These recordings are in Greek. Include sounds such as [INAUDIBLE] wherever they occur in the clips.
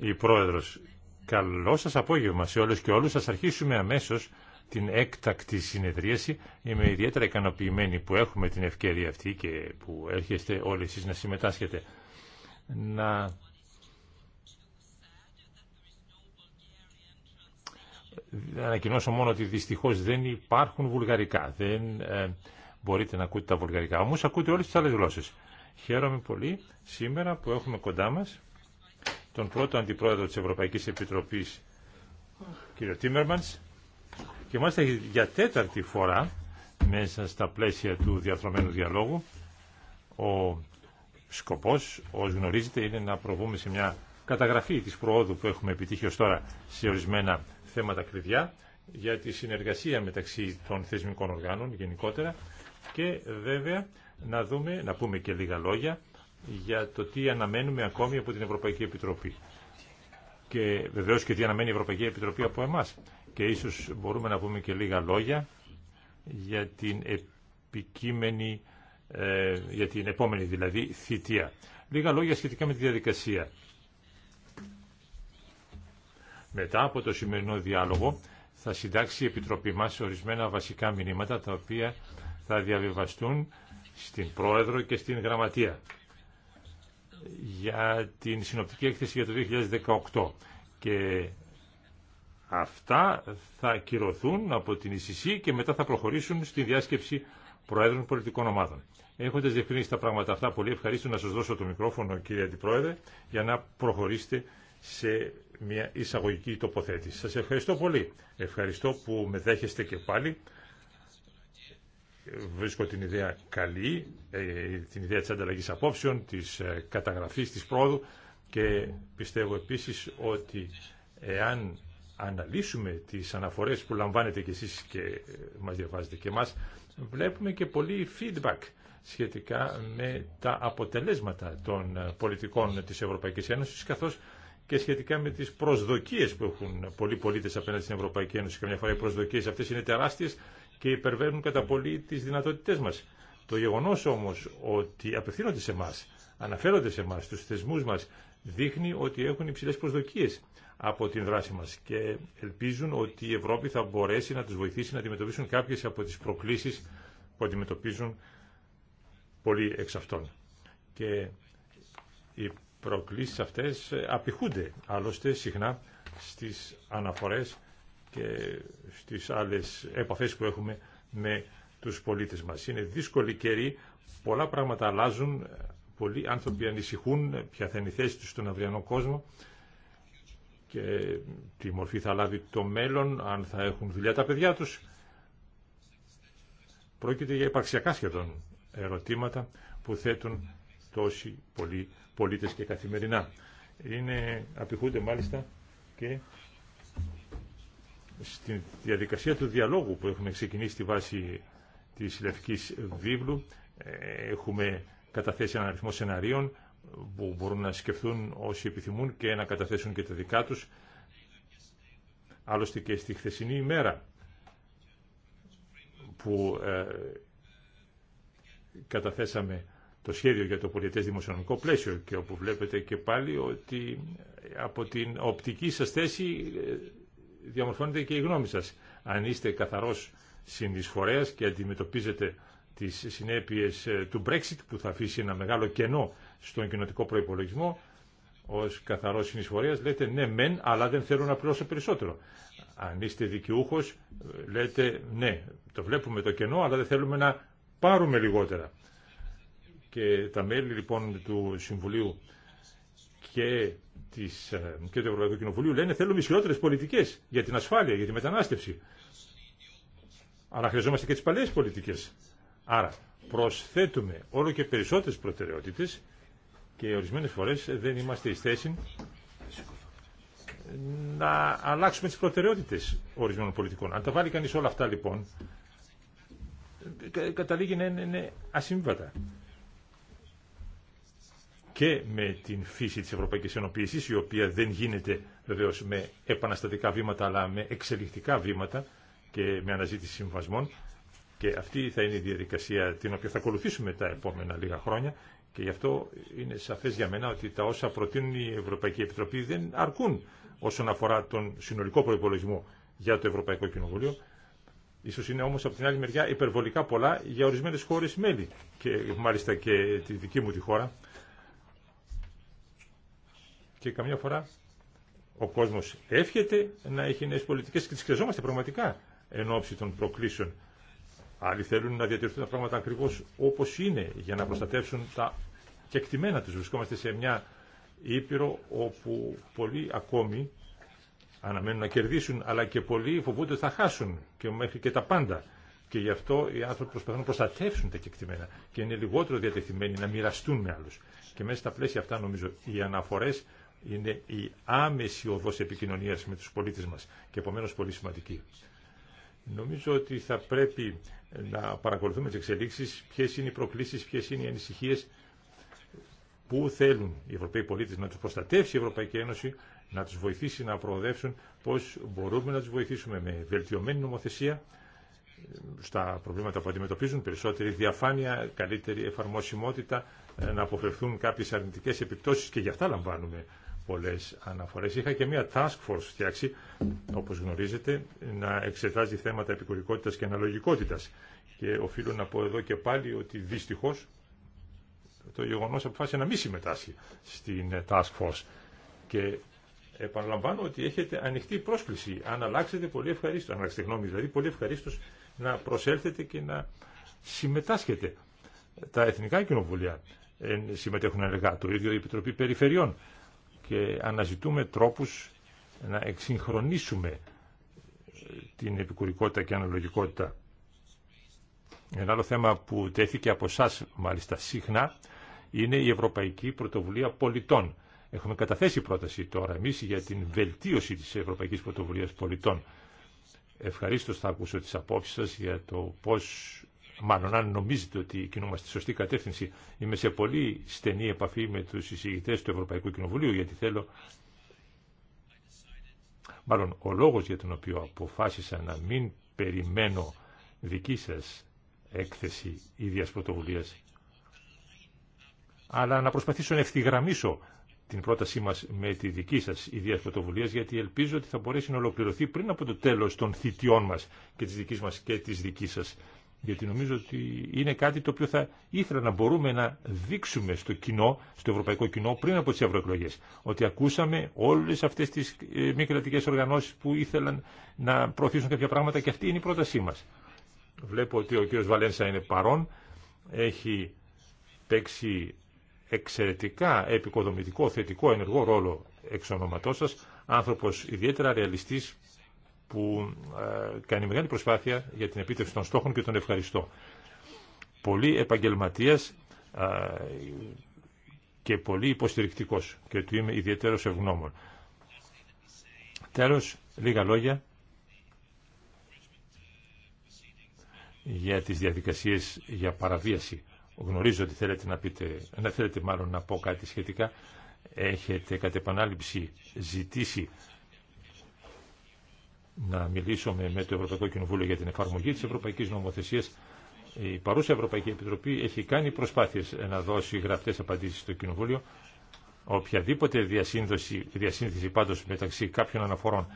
Η Πρόεδρος, καλό σας απόγευμα σε όλους και όλους. Σας αρχίσουμε αμέσως την έκτακτη συνεδρίαση. Είμαι ιδιαίτερα ικανοποιημένη που έχουμε την ευκαιρία αυτή και που έρχεστε όλοι εσείς να συμμετάσχετε. Να... Ανακοινώσω μόνο ότι δυστυχώς δεν υπάρχουν βουλγαρικά. Δεν ε, μπορείτε να ακούτε τα βουλγαρικά. Όμως ακούτε όλες τις άλλες γλώσσες. Χαίρομαι πολύ σήμερα που έχουμε κοντά μας τον πρώτο αντιπρόεδρο της Ευρωπαϊκής Επιτροπής, κύριο Τίμερμανς, και μάλιστα για τέταρτη φορά, μέσα στα πλαίσια του διαθρωμένου διαλόγου, ο σκοπός, ως γνωρίζετε, είναι να προβούμε σε μια καταγραφή της προόδου που έχουμε επιτύχει ως τώρα σε ορισμένα θέματα κλειδιά, για τη συνεργασία μεταξύ των θεσμικών οργάνων γενικότερα και βέβαια να δούμε, να πούμε και λίγα λόγια για το τι αναμένουμε ακόμη από την Ευρωπαϊκή Επιτροπή. Και βεβαίως και τι αναμένει η Ευρωπαϊκή Επιτροπή από εμάς. Και ίσως μπορούμε να πούμε και λίγα λόγια για την επικείμενη, ε, για την επόμενη δηλαδή θητεία. Λίγα λόγια σχετικά με τη διαδικασία. Μετά από το σημερινό διάλογο θα συντάξει η Επιτροπή μας ορισμένα βασικά μηνύματα τα οποία θα διαβιβαστούν στην Πρόεδρο και στην Γραμματεία για την συνοπτική έκθεση για το 2018 και αυτά θα κυρωθούν από την ΙΣΙΣΥ και μετά θα προχωρήσουν στη διάσκεψη Προέδρων Πολιτικών Ομάδων. Έχοντα διευκρινίσει τα πράγματα αυτά, πολύ ευχαρίστω να σα δώσω το μικρόφωνο, κύριε Αντιπρόεδρε, για να προχωρήσετε σε μια εισαγωγική τοποθέτηση. Σας ευχαριστώ πολύ. Ευχαριστώ που με δέχεστε και πάλι βρίσκω την ιδέα καλή, ε, την ιδέα της ανταλλαγής απόψεων, της ε, καταγραφής, της πρόοδου και πιστεύω επίσης ότι εάν αναλύσουμε τις αναφορές που λαμβάνετε και εσείς και ε, μας διαβάζετε και μας, βλέπουμε και πολύ feedback σχετικά με τα αποτελέσματα των πολιτικών της Ευρωπαϊκής Ένωσης καθώς και σχετικά με τις προσδοκίες που έχουν πολλοί πολίτες απέναντι στην Ευρωπαϊκή Ένωση. Καμιά φορά οι προσδοκίες αυτές είναι τεράστιες και υπερβαίνουν κατά πολύ τις δυνατότητές μας. Το γεγονός όμως ότι απευθύνονται σε εμά, αναφέρονται σε εμά, στους θεσμούς μας, δείχνει ότι έχουν υψηλές προσδοκίες από την δράση μας και ελπίζουν ότι η Ευρώπη θα μπορέσει να τους βοηθήσει να αντιμετωπίσουν κάποιες από τις προκλήσεις που αντιμετωπίζουν πολλοί εξ αυτών. Και οι προκλήσεις αυτές απηχούνται άλλωστε συχνά στις αναφορές και στις άλλες επαφές που έχουμε με τους πολίτες μας. Είναι δύσκολη καιρή, πολλά πράγματα αλλάζουν, πολλοί άνθρωποι ανησυχούν ποια θα είναι η θέση τους στον αυριανό κόσμο και τι μορφή θα λάβει το μέλλον, αν θα έχουν δουλειά τα παιδιά τους. Πρόκειται για υπαρξιακά σχεδόν ερωτήματα που θέτουν τόσοι πολλοί πολίτες και καθημερινά. Είναι, απηχούνται μάλιστα και στη διαδικασία του διαλόγου που έχουμε ξεκινήσει στη βάση της Λευκής Βίβλου ε, έχουμε καταθέσει έναν αριθμό σεναρίων που μπορούν να σκεφτούν όσοι επιθυμούν και να καταθέσουν και τα δικά τους άλλωστε και στη χθεσινή ημέρα που ε, καταθέσαμε το σχέδιο για το πολιτεύσιο δημοσιονομικό πλαίσιο και όπου βλέπετε και πάλι ότι ε, από την οπτική σας θέση διαμορφώνεται και η γνώμη σας. Αν είστε καθαρός συνεισφορέας και αντιμετωπίζετε τις συνέπειες ε, του Brexit που θα αφήσει ένα μεγάλο κενό στον κοινοτικό προϋπολογισμό, ως καθαρός συνεισφορέας λέτε ναι μεν, αλλά δεν θέλω να πληρώσω περισσότερο. Αν είστε δικαιούχος, ε, λέτε ναι, το βλέπουμε το κενό, αλλά δεν θέλουμε να πάρουμε λιγότερα. Και τα μέλη λοιπόν του Συμβουλίου και της, ε, και του Ευρωπαϊκού Κοινοβουλίου λένε θέλουμε ισχυρότερε πολιτικέ για την ασφάλεια, για τη μετανάστευση. Αλλά χρειαζόμαστε και τι παλιέ πολιτικέ. Άρα προσθέτουμε όλο και περισσότερε προτεραιότητε και ορισμένε φορέ δεν είμαστε στη θέση να αλλάξουμε τι προτεραιότητε ορισμένων πολιτικών. Αν τα βάλει κανεί όλα αυτά λοιπόν, καταλήγει να είναι ασύμβατα και με την φύση της ευρωπαϊκής Ενωποίησης, η οποία δεν γίνεται βεβαίως με επαναστατικά βήματα, αλλά με εξελιχτικά βήματα και με αναζήτηση συμβασμών. Και αυτή θα είναι η διαδικασία την οποία θα ακολουθήσουμε τα επόμενα λίγα χρόνια. Και γι' αυτό είναι σαφές για μένα ότι τα όσα προτείνουν η Ευρωπαϊκή Επιτροπή δεν αρκούν όσον αφορά τον συνολικό προπολογισμό για το Ευρωπαϊκό Κοινοβούλιο. Ίσως είναι όμως από την άλλη μεριά υπερβολικά πολλά για ορισμένε χώρε μέλη και μάλιστα και τη δική μου τη χώρα και καμιά φορά ο κόσμο εύχεται να έχει νέε πολιτικέ και τι χρειαζόμαστε πραγματικά εν ώψη των προκλήσεων. Άλλοι θέλουν να διατηρηθούν τα πράγματα ακριβώ όπω είναι για να προστατεύσουν τα κεκτημένα Του. Βρισκόμαστε σε μια ήπειρο όπου πολλοί ακόμη αναμένουν να κερδίσουν αλλά και πολλοί φοβούνται ότι θα χάσουν και μέχρι και τα πάντα. Και γι' αυτό οι άνθρωποι προσπαθούν να προστατεύσουν τα κεκτημένα και είναι λιγότερο διατεθειμένοι να μοιραστούν με άλλου. Και μέσα στα πλαίσια αυτά, νομίζω, οι αναφορέ είναι η άμεση οδός επικοινωνίας με τους πολίτες μας και επομένως πολύ σημαντική. Νομίζω ότι θα πρέπει να παρακολουθούμε τις εξελίξεις, ποιες είναι οι προκλήσεις, ποιες είναι οι ανησυχίες που θέλουν οι Ευρωπαίοι πολίτες να τους προστατεύσει η Ευρωπαϊκή Ένωση, να τους βοηθήσει να προοδεύσουν, πώς μπορούμε να τους βοηθήσουμε με βελτιωμένη νομοθεσία στα προβλήματα που αντιμετωπίζουν, περισσότερη διαφάνεια, καλύτερη εφαρμοσιμότητα, να αποφευθούν κάποιες αρνητικές επιπτώσεις και γι' αυτά λαμβάνουμε πολλές αναφορές. Είχα και μια task force φτιάξει, όπως γνωρίζετε, να εξετάζει θέματα επικουρικότητας και αναλογικότητας. Και οφείλω να πω εδώ και πάλι ότι δυστυχώς το γεγονός αποφάσισε να μην συμμετάσχει στην task force. Και επαναλαμβάνω ότι έχετε ανοιχτή πρόσκληση. Αν αλλάξετε πολύ ευχαρίστω, αν αλλάξετε γνώμη δηλαδή, πολύ ευχαρίστω να προσέλθετε και να συμμετάσχετε. Τα Εθνικά Κοινοβουλία συμμετέχουν ενεργά, το ίδιο η Επιτροπή Περιφερειών και αναζητούμε τρόπους να εξυγχρονίσουμε την επικουρικότητα και αναλογικότητα. Ένα άλλο θέμα που τέθηκε από εσά μάλιστα συχνά είναι η Ευρωπαϊκή Πρωτοβουλία Πολιτών. Έχουμε καταθέσει πρόταση τώρα εμεί για την βελτίωση τη Ευρωπαϊκή Πρωτοβουλία Πολιτών. Ευχαρίστω θα ακούσω τι απόψει σα για το πώ μάλλον αν νομίζετε ότι κινούμαστε στη σωστή κατεύθυνση, είμαι σε πολύ στενή επαφή με τους εισηγητές του Ευρωπαϊκού Κοινοβουλίου, γιατί θέλω... Μάλλον ο λόγος για τον οποίο αποφάσισα να μην περιμένω δική σας έκθεση ίδιας πρωτοβουλίας, αλλά να προσπαθήσω να ευθυγραμμίσω την πρότασή μας με τη δική σας ιδέα πρωτοβουλία, γιατί ελπίζω ότι θα μπορέσει να ολοκληρωθεί πριν από το τέλος των θητιών μας και της δικής μα και τη δική σα γιατί νομίζω ότι είναι κάτι το οποίο θα ήθελα να μπορούμε να δείξουμε στο κοινό, στο ευρωπαϊκό κοινό πριν από τις ευρωεκλογέ. Ότι ακούσαμε όλες αυτές τις ε, μη κρατικέ οργανώσεις που ήθελαν να προωθήσουν κάποια πράγματα και αυτή είναι η πρότασή μας. Βλέπω ότι ο κύριος Βαλένσα είναι παρόν, έχει παίξει εξαιρετικά επικοδομητικό, θετικό, ενεργό ρόλο εξ ονοματό σα. άνθρωπος ιδιαίτερα ρεαλιστής, που ε, κάνει μεγάλη προσπάθεια για την επίτευξη των στόχων και τον ευχαριστώ. Πολύ επαγγελματίας ε, και πολύ υποστηρικτικός και του είμαι ιδιαίτερος ευγνώμων. Τέλος, λίγα λόγια για τις διαδικασίες για παραβίαση. Γνωρίζω ότι θέλετε να πείτε, να θέλετε μάλλον να πω κάτι σχετικά. Έχετε κατ' επανάληψη ζητήσει να μιλήσουμε με το Ευρωπαϊκό Κοινοβούλιο για την εφαρμογή της Ευρωπαϊκής Νομοθεσίας. Η παρούσα Ευρωπαϊκή Επιτροπή έχει κάνει προσπάθειες να δώσει γραπτές απαντήσεις στο Κοινοβούλιο. Οποιαδήποτε διασύνδεση, διασύνδεση πάντως μεταξύ κάποιων αναφορών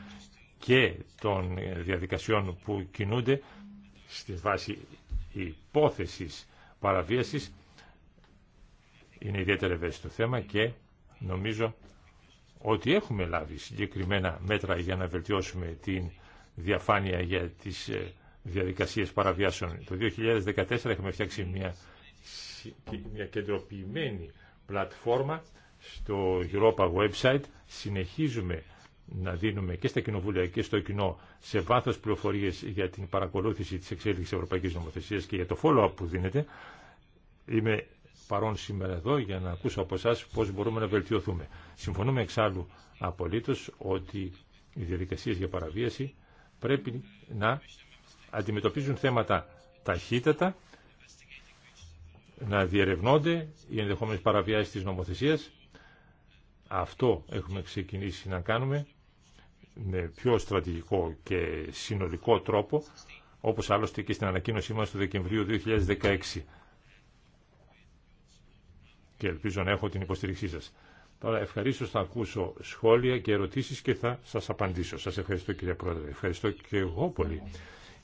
και των διαδικασιών που κινούνται στη βάση υπόθεσης παραβίασης είναι ιδιαίτερα ευαίσθητο θέμα και νομίζω ότι έχουμε λάβει συγκεκριμένα μέτρα για να βελτιώσουμε την διαφάνεια για τις ε, διαδικασίες παραβιάσεων. Το 2014 έχουμε φτιάξει μια, κεντροποιημένη πλατφόρμα στο Europa website. Συνεχίζουμε να δίνουμε και στα κοινοβούλια και στο κοινό σε βάθος πληροφορίες για την παρακολούθηση της εξέλιξης ευρωπαϊκής νομοθεσίας και για το follow-up που δίνεται. Παρών σήμερα εδώ για να ακούσω από εσά πώς μπορούμε να βελτιωθούμε. Συμφωνούμε εξάλλου απολύτω, ότι οι διαδικασίε για παραβίαση πρέπει να αντιμετωπίζουν θέματα ταχύτατα, να διερευνώνται οι ενδεχομένε παραβιάσει τη νομοθεσία. Αυτό έχουμε ξεκινήσει να κάνουμε με πιο στρατηγικό και συνολικό τρόπο, όπως άλλωστε και στην ανακοίνωσή μας του Δεκεμβρίου 2016 και ελπίζω να έχω την υποστήριξή σας. Τώρα ευχαρίστω θα ακούσω σχόλια και ερωτήσεις και θα σας απαντήσω. Σας ευχαριστώ κύριε Πρόεδρε. Ευχαριστώ και εγώ πολύ.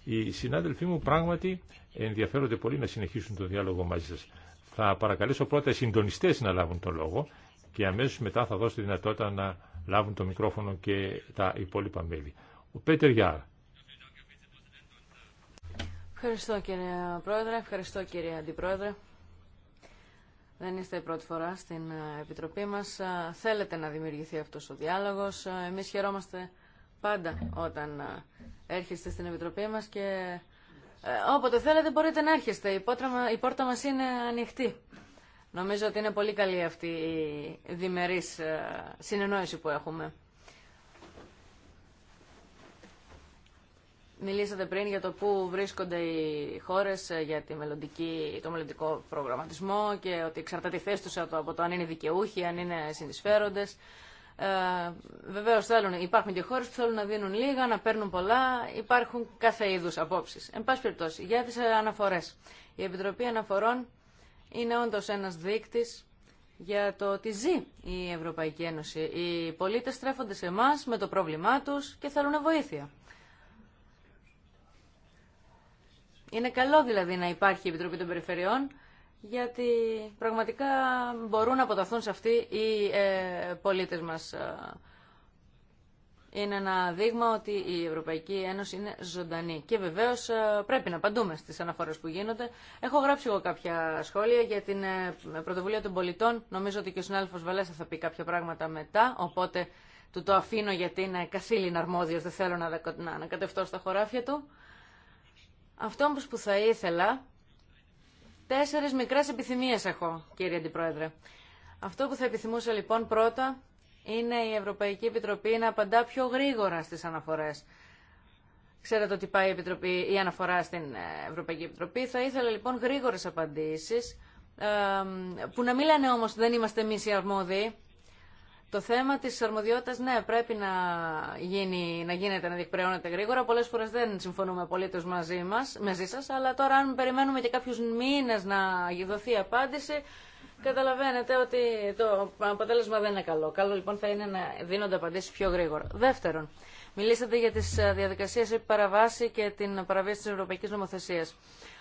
Οι συνάδελφοί μου πράγματι ενδιαφέρονται πολύ να συνεχίσουν το διάλογο μαζί σας. Θα παρακαλέσω πρώτα οι συντονιστές να λάβουν τον λόγο και αμέσως μετά θα δώσω τη δυνατότητα να λάβουν το μικρόφωνο και τα υπόλοιπα μέλη. Ο Πέτερ Γιάρ. Ευχαριστώ κύριε Πρόεδρε, ευχαριστώ κύριε Αντιπρόεδρε. Δεν είστε η πρώτη φορά στην ε, Επιτροπή μας. Ε, θέλετε να δημιουργηθεί αυτός ο διάλογος. Ε, εμείς χαιρόμαστε πάντα όταν έρχεστε στην Επιτροπή μας και όποτε θέλετε μπορείτε να έρχεστε. Η πόρτα, μας είναι ανοιχτή. Νομίζω ότι είναι πολύ καλή αυτή η διμερής συνεννόηση που έχουμε. Μιλήσατε πριν για το πού βρίσκονται οι χώρε ε, για τη μελλοντική, το μελλοντικό προγραμματισμό και ότι εξαρτάται η θέση του από το αν είναι δικαιούχοι, αν είναι συνεισφέροντε. Ε, Βεβαίω υπάρχουν και χώρε που θέλουν να δίνουν λίγα, να παίρνουν πολλά. Υπάρχουν κάθε είδου απόψει. Εν πάση περιπτώσει, για τι αναφορέ. Η Επιτροπή Αναφορών είναι όντω ένα δείκτη για το ότι ζει η Ευρωπαϊκή Ένωση. Οι πολίτε στρέφονται σε εμά με το πρόβλημά του και θέλουν βοήθεια. Είναι καλό δηλαδή να υπάρχει η Επιτροπή των Περιφερειών, γιατί πραγματικά μπορούν να αποταθούν σε αυτή οι ε, πολίτες μας. Ε, είναι ένα δείγμα ότι η Ευρωπαϊκή Ένωση είναι ζωντανή. Και βεβαίω ε, πρέπει να απαντούμε στι αναφορέ που γίνονται. Έχω γράψει εγώ κάποια σχόλια για την ε, πρωτοβουλία των πολιτών. Νομίζω ότι και ο συνάδελφο Βαλέσσα θα πει κάποια πράγματα μετά. Οπότε του το αφήνω γιατί είναι καθήλυνα αρμόδιο. Δεν θέλω να ανακατευτώ στα χωράφια του. Αυτό που θα ήθελα, τέσσερις μικρές επιθυμίες έχω, κύριε Αντιπρόεδρε. Αυτό που θα επιθυμούσα λοιπόν πρώτα είναι η Ευρωπαϊκή Επιτροπή να απαντά πιο γρήγορα στις αναφορές. Ξέρετε ότι πάει η, Επιτροπή, η αναφορά στην ε, Ευρωπαϊκή Επιτροπή. Θα ήθελα λοιπόν γρήγορες απαντήσεις, ε, που να μην λένε όμως δεν είμαστε εμείς οι αρμόδιοι, το θέμα τη αρμοδιότητα, ναι, πρέπει να, γίνει, να γίνεται, να διεκπαιρεώνεται γρήγορα. Πολλέ φορέ δεν συμφωνούμε απολύτω μαζί, μας, μαζί σα, αλλά τώρα, αν περιμένουμε και κάποιου μήνε να δοθεί απάντηση, καταλαβαίνετε ότι το αποτέλεσμα δεν είναι καλό. Καλό λοιπόν θα είναι να δίνονται απαντήσει πιο γρήγορα. Δεύτερον, μιλήσατε για τι διαδικασίε επί παραβάση και την παραβίαση τη ευρωπαϊκή νομοθεσία.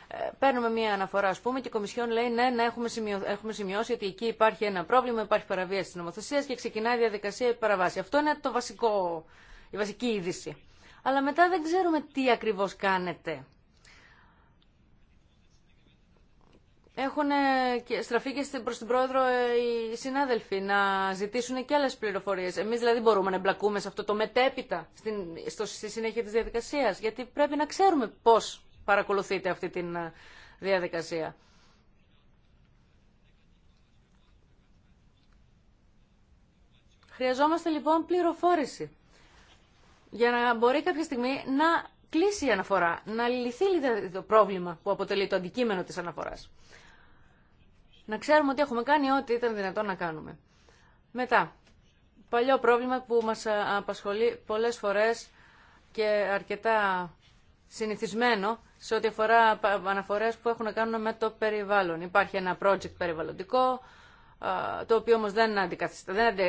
Ε, παίρνουμε μία αναφορά, α πούμε, και η Κομισιόν λέει ναι, ναι έχουμε, σημειώσει, έχουμε σημειώσει ότι εκεί υπάρχει ένα πρόβλημα, υπάρχει παραβίαση τη νομοθεσία και ξεκινάει η διαδικασία παραβάση. Αυτό είναι το βασικό, η βασική είδηση. Αλλά μετά δεν ξέρουμε τι ακριβώ κάνετε. Έχουν στραφεί και προ την πρόεδρο ε, οι συνάδελφοι να ζητήσουν και άλλε πληροφορίε. Εμεί δηλαδή μπορούμε να εμπλακούμε σε αυτό το μετέπειτα στην, στη συνέχεια τη διαδικασία. Γιατί πρέπει να ξέρουμε πώ παρακολουθείτε αυτή τη ε, διαδικασία. Χρειαζόμαστε λοιπόν πληροφόρηση για να μπορεί κάποια στιγμή να κλείσει η αναφορά, να λυθεί το πρόβλημα που αποτελεί το αντικείμενο της αναφοράς. Να ξέρουμε ότι έχουμε κάνει ό,τι ήταν δυνατόν να κάνουμε. Μετά, παλιό πρόβλημα που μας ε, απασχολεί πολλές φορές και αρκετά συνηθισμένο σε ό,τι αφορά αναφορές που έχουν να κάνουν με το περιβάλλον. Υπάρχει ένα project περιβαλλοντικό, το οποίο όμως δεν, αντικαθιστά, δεν, ε,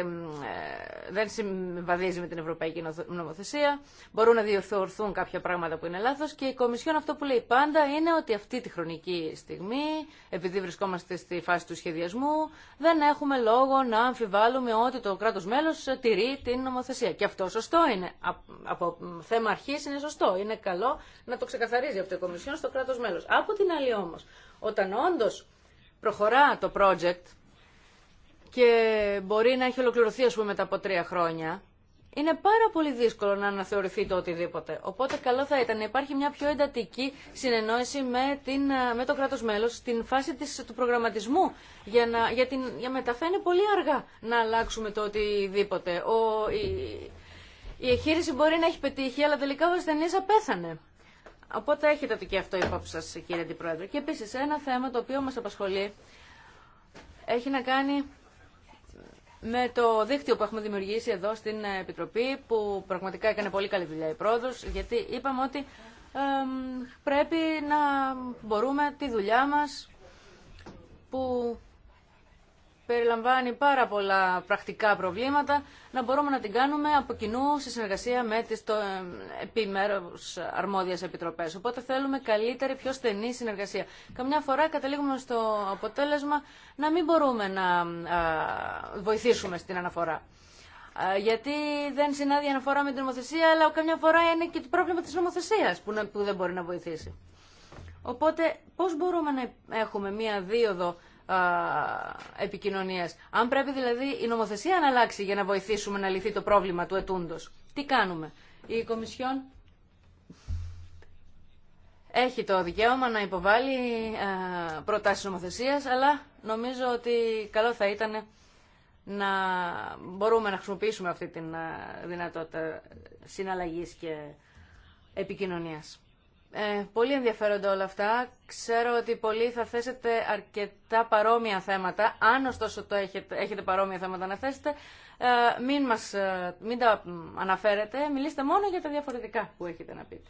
δεν συμβαδίζει με την Ευρωπαϊκή Νομοθεσία. Μπορούν να διορθωρθούν κάποια πράγματα που είναι λάθος και η Κομισιόν αυτό που λέει πάντα είναι ότι αυτή τη χρονική στιγμή, επειδή βρισκόμαστε στη φάση του σχεδιασμού, δεν έχουμε λόγο να αμφιβάλλουμε ότι το κράτος μέλος τηρεί την νομοθεσία. Και αυτό σωστό είναι. Από θέμα αρχής είναι σωστό. Είναι καλό να το ξεκαθαρίζει αυτό η Κομισιόν στο κράτος μέλος. Από την άλλη όμως, όταν όντω προχωρά το project, και μπορεί να έχει ολοκληρωθεί ας πούμε μετά από τρία χρόνια, είναι πάρα πολύ δύσκολο να αναθεωρηθεί το οτιδήποτε. Οπότε καλό θα ήταν να υπάρχει μια πιο εντατική συνεννόηση με, την, με το κράτος μέλος στην φάση της, του προγραμματισμού. Για να, για την, για πολύ αργά να αλλάξουμε το οτιδήποτε. Ο, η, η εγχείρηση μπορεί να έχει πετύχει, αλλά τελικά ο ασθενής απέθανε. Οπότε έχετε το και αυτό υπόψη σας, κύριε Αντιπρόεδρε. Και επίσης ένα θέμα το οποίο μας απασχολεί έχει να κάνει με το δίκτυο που έχουμε δημιουργήσει εδώ στην ε, Επιτροπή, που πραγματικά έκανε πολύ καλή δουλειά η πρόοδος, γιατί είπαμε ότι πρέπει να μπορούμε τη δουλειά μας που περιλαμβάνει πάρα πολλά πρακτικά προβλήματα, να μπορούμε να την κάνουμε από κοινού σε συνεργασία με τις το, ε, επιμέρους αρμόδιες επιτροπές. Οπότε θέλουμε καλύτερη, πιο στενή συνεργασία. Καμιά φορά καταλήγουμε στο αποτέλεσμα να μην μπορούμε να βοηθήσουμε στην αναφορά. Γιατί δεν συνάδει η αναφορά με την νομοθεσία, αλλά καμιά φορά είναι και το πρόβλημα της νομοθεσίας που δεν μπορεί να βοηθήσει. Οπότε πώς μπορούμε να έχουμε μία δίωδο επικοινωνίας. Αν πρέπει δηλαδή η νομοθεσία να αλλάξει για να βοηθήσουμε να λυθεί το πρόβλημα του ετούντος. Τι κάνουμε. Η Κομισιόν έχει το δικαίωμα να υποβάλει προτάσεις νομοθεσίας, αλλά νομίζω ότι καλό θα ήταν να μπορούμε να χρησιμοποιήσουμε αυτή τη δυνατότητα συναλλαγής και επικοινωνίας. Ε, πολύ ενδιαφέροντα όλα αυτά. Ξέρω ότι πολλοί θα θέσετε αρκετά παρόμοια θέματα. Αν ωστόσο έχετε, έχετε παρόμοια θέματα να θέσετε, ε, μην, μας, ε, μην τα αναφέρετε. Μιλήστε μόνο για τα διαφορετικά που έχετε να πείτε.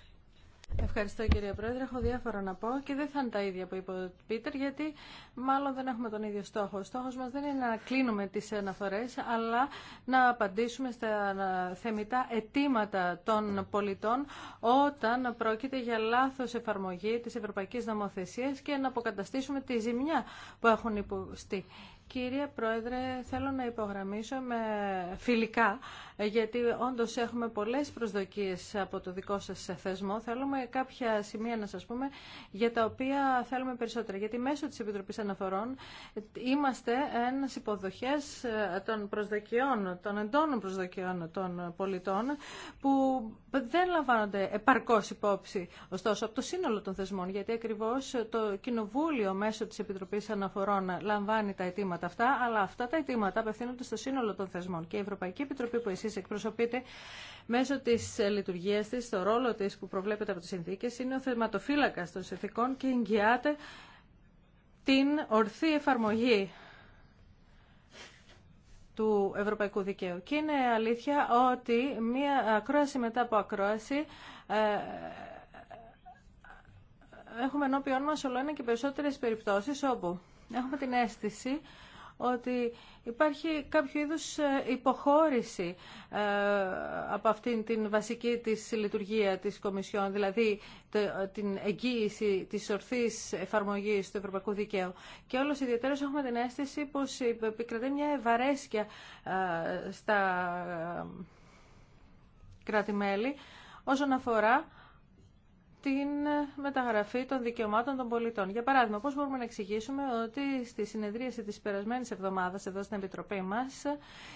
Ευχαριστώ κύριε Πρόεδρε. Έχω διάφορα να πω και δεν θα είναι τα ίδια που είπε ο Πίτερ γιατί μάλλον δεν έχουμε τον ίδιο στόχο. Ο στόχος μας δεν είναι να κλείνουμε τις αναφορέ, αλλά να απαντήσουμε στα θεμητά αιτήματα των πολιτών όταν πρόκειται για λάθος εφαρμογή τη Ευρωπαϊκή Νομοθεσία και να αποκαταστήσουμε τη ζημιά που έχουν υποστεί. Κύριε Πρόεδρε, θέλω να υπογραμμίσω φιλικά, γιατί όντως έχουμε πολλές προσδοκίες από το δικό σας θεσμό. Θέλουμε κάποια σημεία να σας πούμε για τα οποία θέλουμε περισσότερα. Γιατί μέσω της Επιτροπής Αναφορών είμαστε ένας υποδοχές ε, των προσδοκιών, των εντόνων προσδοκιών των πολιτών, που δεν λαμβάνονται επαρκώς υπόψη, ωστόσο, από το σύνολο των θεσμών. Γιατί ακριβώς το Κοινοβούλιο μέσω της Επιτροπής Αναφορών λαμβάνει τα αιτήματα αιτήματα αυτά, αλλά αυτά τα αιτήματα απευθύνονται στο σύνολο των θεσμών. Και η Ευρωπαϊκή Επιτροπή που εσεί εκπροσωπείτε μέσω τη λειτουργία της, το ρόλο της που προβλέπεται από τι συνθήκες, είναι ο θεματοφύλακα των συνθήκων και εγγυάται την ορθή εφαρμογή του Ευρωπαϊκού Δικαίου. Και είναι αλήθεια ότι μία ακρόαση μετά από ακρόαση ε, έχουμε ενώπιόν μας όλο ένα και περισσότερες περιπτώσεις όπου έχουμε την αίσθηση ότι υπάρχει κάποιο είδους ε, υποχώρηση ε, από αυτήν την βασική της λειτουργία της Κομισιόν, δηλαδή την εγγύηση της ορθής εφαρμογής του Ευρωπαϊκού Δικαίου. Και όλος ιδιαίτερος έχουμε την αίσθηση πως επικρατεί μια ευαρέσκεια ε, στα κράτη-μέλη όσον αφορά την μεταγραφή των δικαιωμάτων των πολιτών. Για παράδειγμα, πώς μπορούμε να εξηγήσουμε ότι στη συνεδρίαση της περασμένης εβδομάδας εδώ στην Επιτροπή μας,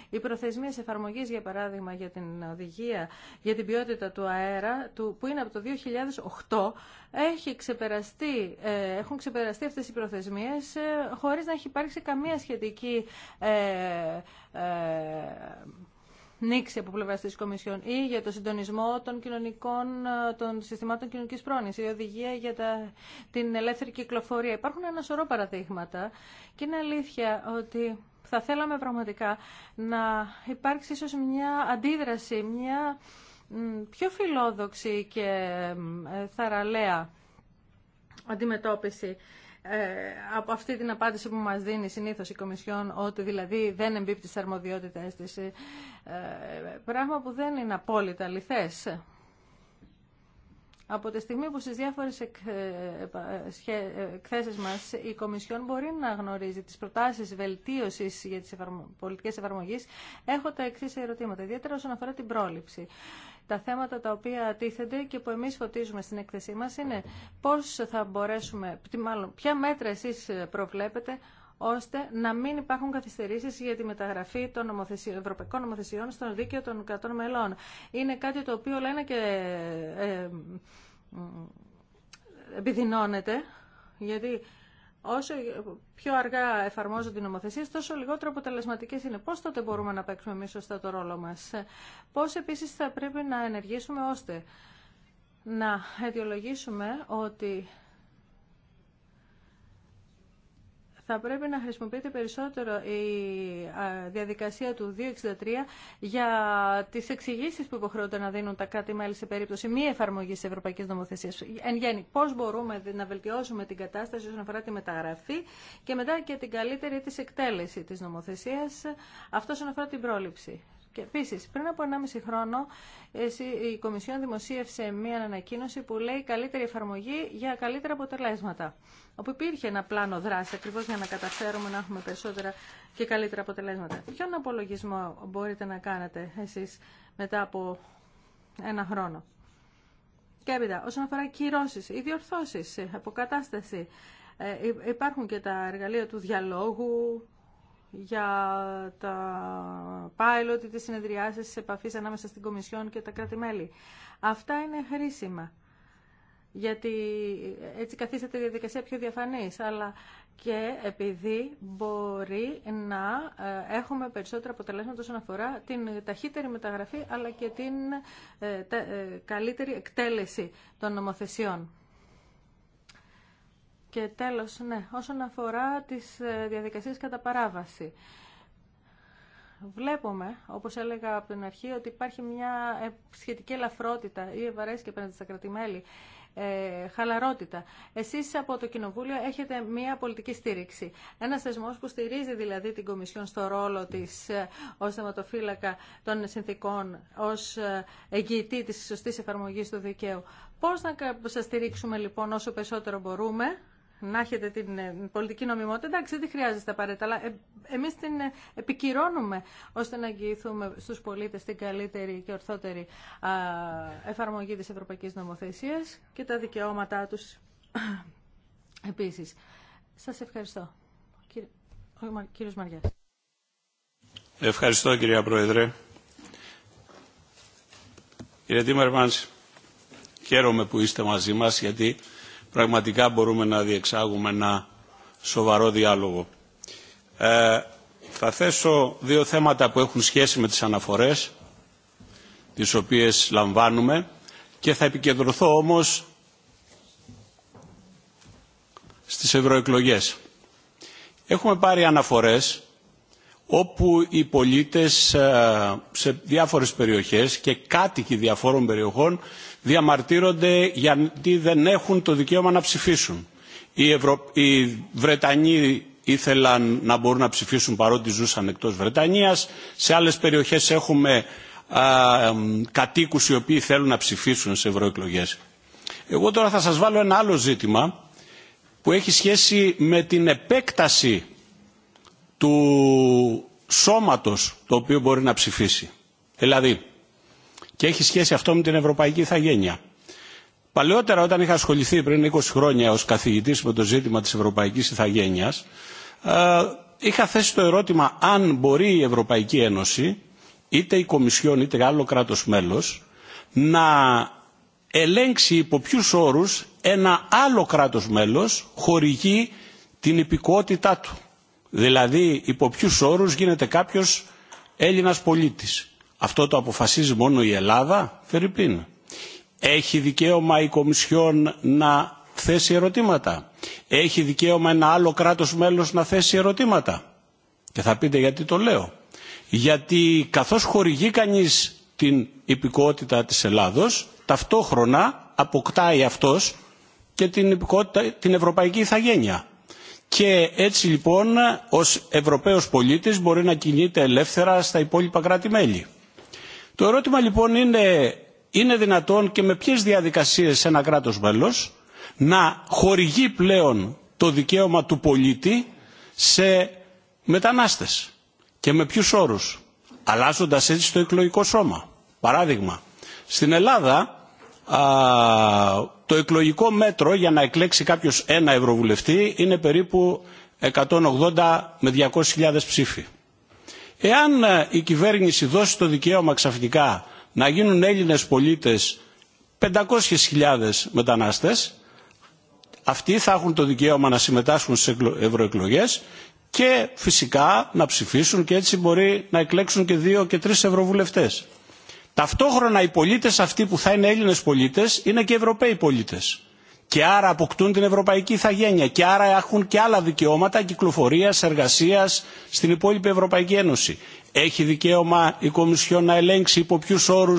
οι προθεσμίες εφαρμογής, για παράδειγμα, για την οδηγία για την ποιότητα του αέρα, που είναι από το 2008, έχει ξεπεραστεί, ε, έχουν ξεπεραστεί αυτές οι προθεσμίες ε, χωρίς να έχει υπάρξει καμία σχετική ε, νήξη από πλευρά τη Κομισιόν ή για το συντονισμό των, κοινωνικών, ε, των συστημάτων κοινωνική πρόνοια, η οδηγία για τα, την ελεύθερη κυκλοφορία. Υπάρχουν ένα σωρό παραδείγματα και είναι αλήθεια ότι θα θέλαμε πραγματικά να υπάρξει ίσως μια αντίδραση, μια πιο φιλόδοξη και ε, θαραλέα αντιμετώπιση ε, από αυτή την απάντηση που μας δίνει συνήθως η Κομισιόν ότι δηλαδή δεν εμπίπτει στις αρμοδιότητες της ε, πράγμα που δεν είναι απόλυτα αληθές. Από τη στιγμή που στις διάφορες ε, εκθέσεις μας η Κομισιόν μπορεί να γνωρίζει τις προτάσεις βελτίωσης για τις πολιτικές εφαρμογές, έχω τα εξής ερωτήματα, ιδιαίτερα όσον αφορά την πρόληψη. Τα θέματα τα οποία τίθενται και που εμείς φωτίζουμε στην έκθεσή μας είναι πώς θα μπορέσουμε, μάλλον ποια μέτρα εσείς προβλέπετε ώστε να μην υπάρχουν καθυστερήσεις για τη μεταγραφή των ευρωπαϊκών νομοθεσιών στον δίκαιο των κρατών μελών. Είναι κάτι το οποίο λένε και ε, επιδεινώνεται, γιατί Όσο πιο αργά εφαρμόζονται οι νομοθεσίε, τόσο λιγότερο αποτελεσματικέ είναι. Πώ τότε μπορούμε να παίξουμε εμεί σωστά το ρόλο μα. Πώ επίση θα πρέπει να ενεργήσουμε ώστε να αιτιολογήσουμε ότι θα πρέπει να χρησιμοποιείται περισσότερο η διαδικασία του 263 για τις εξηγήσει που υποχρεούνται να δίνουν τα κράτη-μέλη σε περίπτωση μη εφαρμογή τη Ευρωπαϊκή Νομοθεσία. Εν γέννη, πώ μπορούμε να βελτιώσουμε την κατάσταση όσον αφορά τη μεταγραφή και μετά και την καλύτερη τη εκτέλεση τη νομοθεσία. Αυτό όσον αφορά την πρόληψη. Και επίση, πριν από 1,5 χρόνο, η Κομισιόν δημοσίευσε μία ανακοίνωση που λέει καλύτερη εφαρμογή για καλύτερα αποτελέσματα. Όπου υπήρχε ένα πλάνο δράση ακριβώ για να καταφέρουμε να έχουμε περισσότερα και καλύτερα αποτελέσματα. Ποιον απολογισμό μπορείτε να κάνετε εσεί μετά από ένα χρόνο. Και έπειτα, όσον αφορά κυρώσει ή διορθώσει, αποκατάσταση, ε, υπάρχουν και τα εργαλεία του διαλόγου, για τα της τις συνεδριάσεις της επαφής ανάμεσα στην Κομισιόν και τα κράτη-μέλη. Αυτά είναι χρήσιμα, γιατί έτσι καθίσατε η διαδικασία πιο διαφανής, αλλά και επειδή μπορεί να ε, έχουμε περισσότερα αποτελέσματα όσον αφορά την ταχύτερη μεταγραφή, αλλά και την ε, ε, καλύτερη εκτέλεση των νομοθεσιών. Και τέλος, ναι, όσον αφορά τις ε, διαδικασίες κατά παράβαση. Βλέπουμε, όπως έλεγα από την αρχή, ότι υπάρχει μια ε, σχετική ελαφρότητα ή ευαρέσκεια απέναντι στα κρατημέλη ε, χαλαρότητα. Εσείς από το Κοινοβούλιο έχετε μία πολιτική στήριξη. Ένα θεσμό που στηρίζει δηλαδή την Κομισιόν στο ρόλο της ε, ως θεματοφύλακα των συνθήκων, ως εγγυητή της σωστής εφαρμογής του δικαίου. Πώς να σας στηρίξουμε λοιπόν όσο περισσότερο μπορούμε να έχετε την ε, πολιτική νομιμότητα. Εντάξει, δεν χρειάζεστε απαραίτητα, αλλά ε, εμείς την ε, επικυρώνουμε ώστε να εγγυηθούμε στους πολίτες την καλύτερη και ορθότερη εφαρμογή της Ευρωπαϊκής Νομοθεσίας και τα δικαιώματά τους [CLEARS THROAT] επίσης. Σας ευχαριστώ. Κύριος Μαριάς. Ευχαριστώ κυρία Πρόεδρε. Κύριε Τίμερμανς, χαίρομαι που είστε μαζί μας γιατί πραγματικά μπορούμε να διεξάγουμε ένα σοβαρό διάλογο. Ε, θα θέσω δύο θέματα που έχουν σχέση με τις αναφορές, τις οποίες λαμβάνουμε, και θα επικεντρωθώ όμως στις ευρωεκλογές. Έχουμε πάρει αναφορές όπου οι πολίτες ε, σε διάφορες περιοχές και κάτοικοι διαφόρων περιοχών διαμαρτύρονται γιατί δεν έχουν το δικαίωμα να ψηφίσουν. Οι, Ευρω... οι Βρετανοί ήθελαν να μπορούν να ψηφίσουν παρότι ζούσαν εκτός Βρετανίας. Σε άλλες περιοχές έχουμε α, κατοίκους οι οποίοι θέλουν να ψηφίσουν σε ευρωεκλογέ. Εγώ τώρα θα σας βάλω ένα άλλο ζήτημα που έχει σχέση με την επέκταση του σώματος το οποίο μπορεί να ψηφίσει. Δηλαδή, και έχει σχέση αυτό με την ευρωπαϊκή ηθαγένεια. Παλαιότερα όταν είχα ασχοληθεί πριν 20 χρόνια ως καθηγητής με το ζήτημα της ευρωπαϊκής ηθαγένειας, ε, είχα θέσει το ερώτημα αν μπορεί η Ευρωπαϊκή Ένωση, είτε η Κομισιόν είτε άλλο κράτος μέλος, να ελέγξει υπό ποιους όρους ένα άλλο κράτος μέλος χορηγεί την υπηκότητά του Δηλαδή υπό ποιους όρους γίνεται κάποιος Έλληνας πολίτης. Αυτό το αποφασίζει μόνο η Ελλάδα, Φερρυπίν. Έχει δικαίωμα η Κομισιόν να θέσει ερωτήματα. Έχει δικαίωμα ένα άλλο κράτος μέλος να θέσει ερωτήματα. Και θα πείτε γιατί το λέω. Γιατί καθώς χορηγεί κανείς την υπηκότητα της Ελλάδος, ταυτόχρονα αποκτάει αυτός και την, την ευρωπαϊκή ηθαγένεια. Και έτσι λοιπόν ως Ευρωπαίος πολίτης μπορεί να κινείται ελεύθερα στα υπόλοιπα κράτη-μέλη. Το ερώτημα λοιπόν είναι, είναι δυνατόν και με ποιες διαδικασίες ένα κράτος μέλος να χορηγεί πλέον το δικαίωμα του πολίτη σε μετανάστες και με ποιους όρους, αλλάζοντας έτσι το εκλογικό σώμα. Παράδειγμα, στην Ελλάδα το εκλογικό μέτρο για να εκλέξει κάποιος ένα ευρωβουλευτή είναι περίπου 180 με 200.000 ψήφοι. Εάν ε, η κυβέρνηση δώσει το δικαίωμα ξαφνικά να γίνουν Έλληνες πολίτες 500.000 μετανάστες, αυτοί θα έχουν το δικαίωμα να συμμετάσχουν στις ευρωεκλογές και φυσικά να ψηφίσουν και έτσι μπορεί να εκλέξουν και δύο και τρεις ευρωβουλευτές. Ταυτόχρονα οι πολίτες αυτοί που θα είναι Έλληνες πολίτες είναι και Ευρωπαίοι πολίτες. Και άρα αποκτούν την ευρωπαϊκή ηθαγένεια και άρα έχουν και άλλα δικαιώματα κυκλοφορίας, εργασίας στην υπόλοιπη Ευρωπαϊκή Ένωση. Έχει δικαίωμα η Κομισιόν να ελέγξει υπό ποιου όρου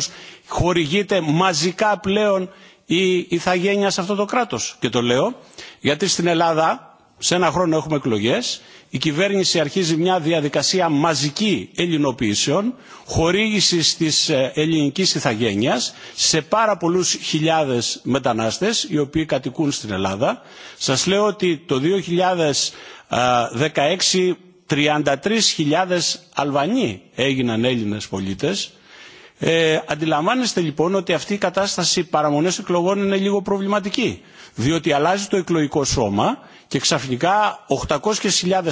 χορηγείται μαζικά πλέον η ηθαγένεια σε αυτό το κράτος. Και το λέω γιατί στην Ελλάδα σε ένα χρόνο έχουμε εκλογές η κυβέρνηση αρχίζει μια διαδικασία μαζική ελληνοποίησεων, χορήγησης της ε, ελληνικής ηθαγένειας σε πάρα πολλούς χιλιάδες μετανάστες οι οποίοι κατοικούν στην Ελλάδα. Σας λέω ότι το 2016 33.000 Αλβανοί έγιναν Έλληνες πολίτες. Ε, αντιλαμβάνεστε λοιπόν ότι αυτή η κατάσταση παραμονές εκλογών είναι λίγο προβληματική, διότι αλλάζει το εκλογικό σώμα και ξαφνικά 800.000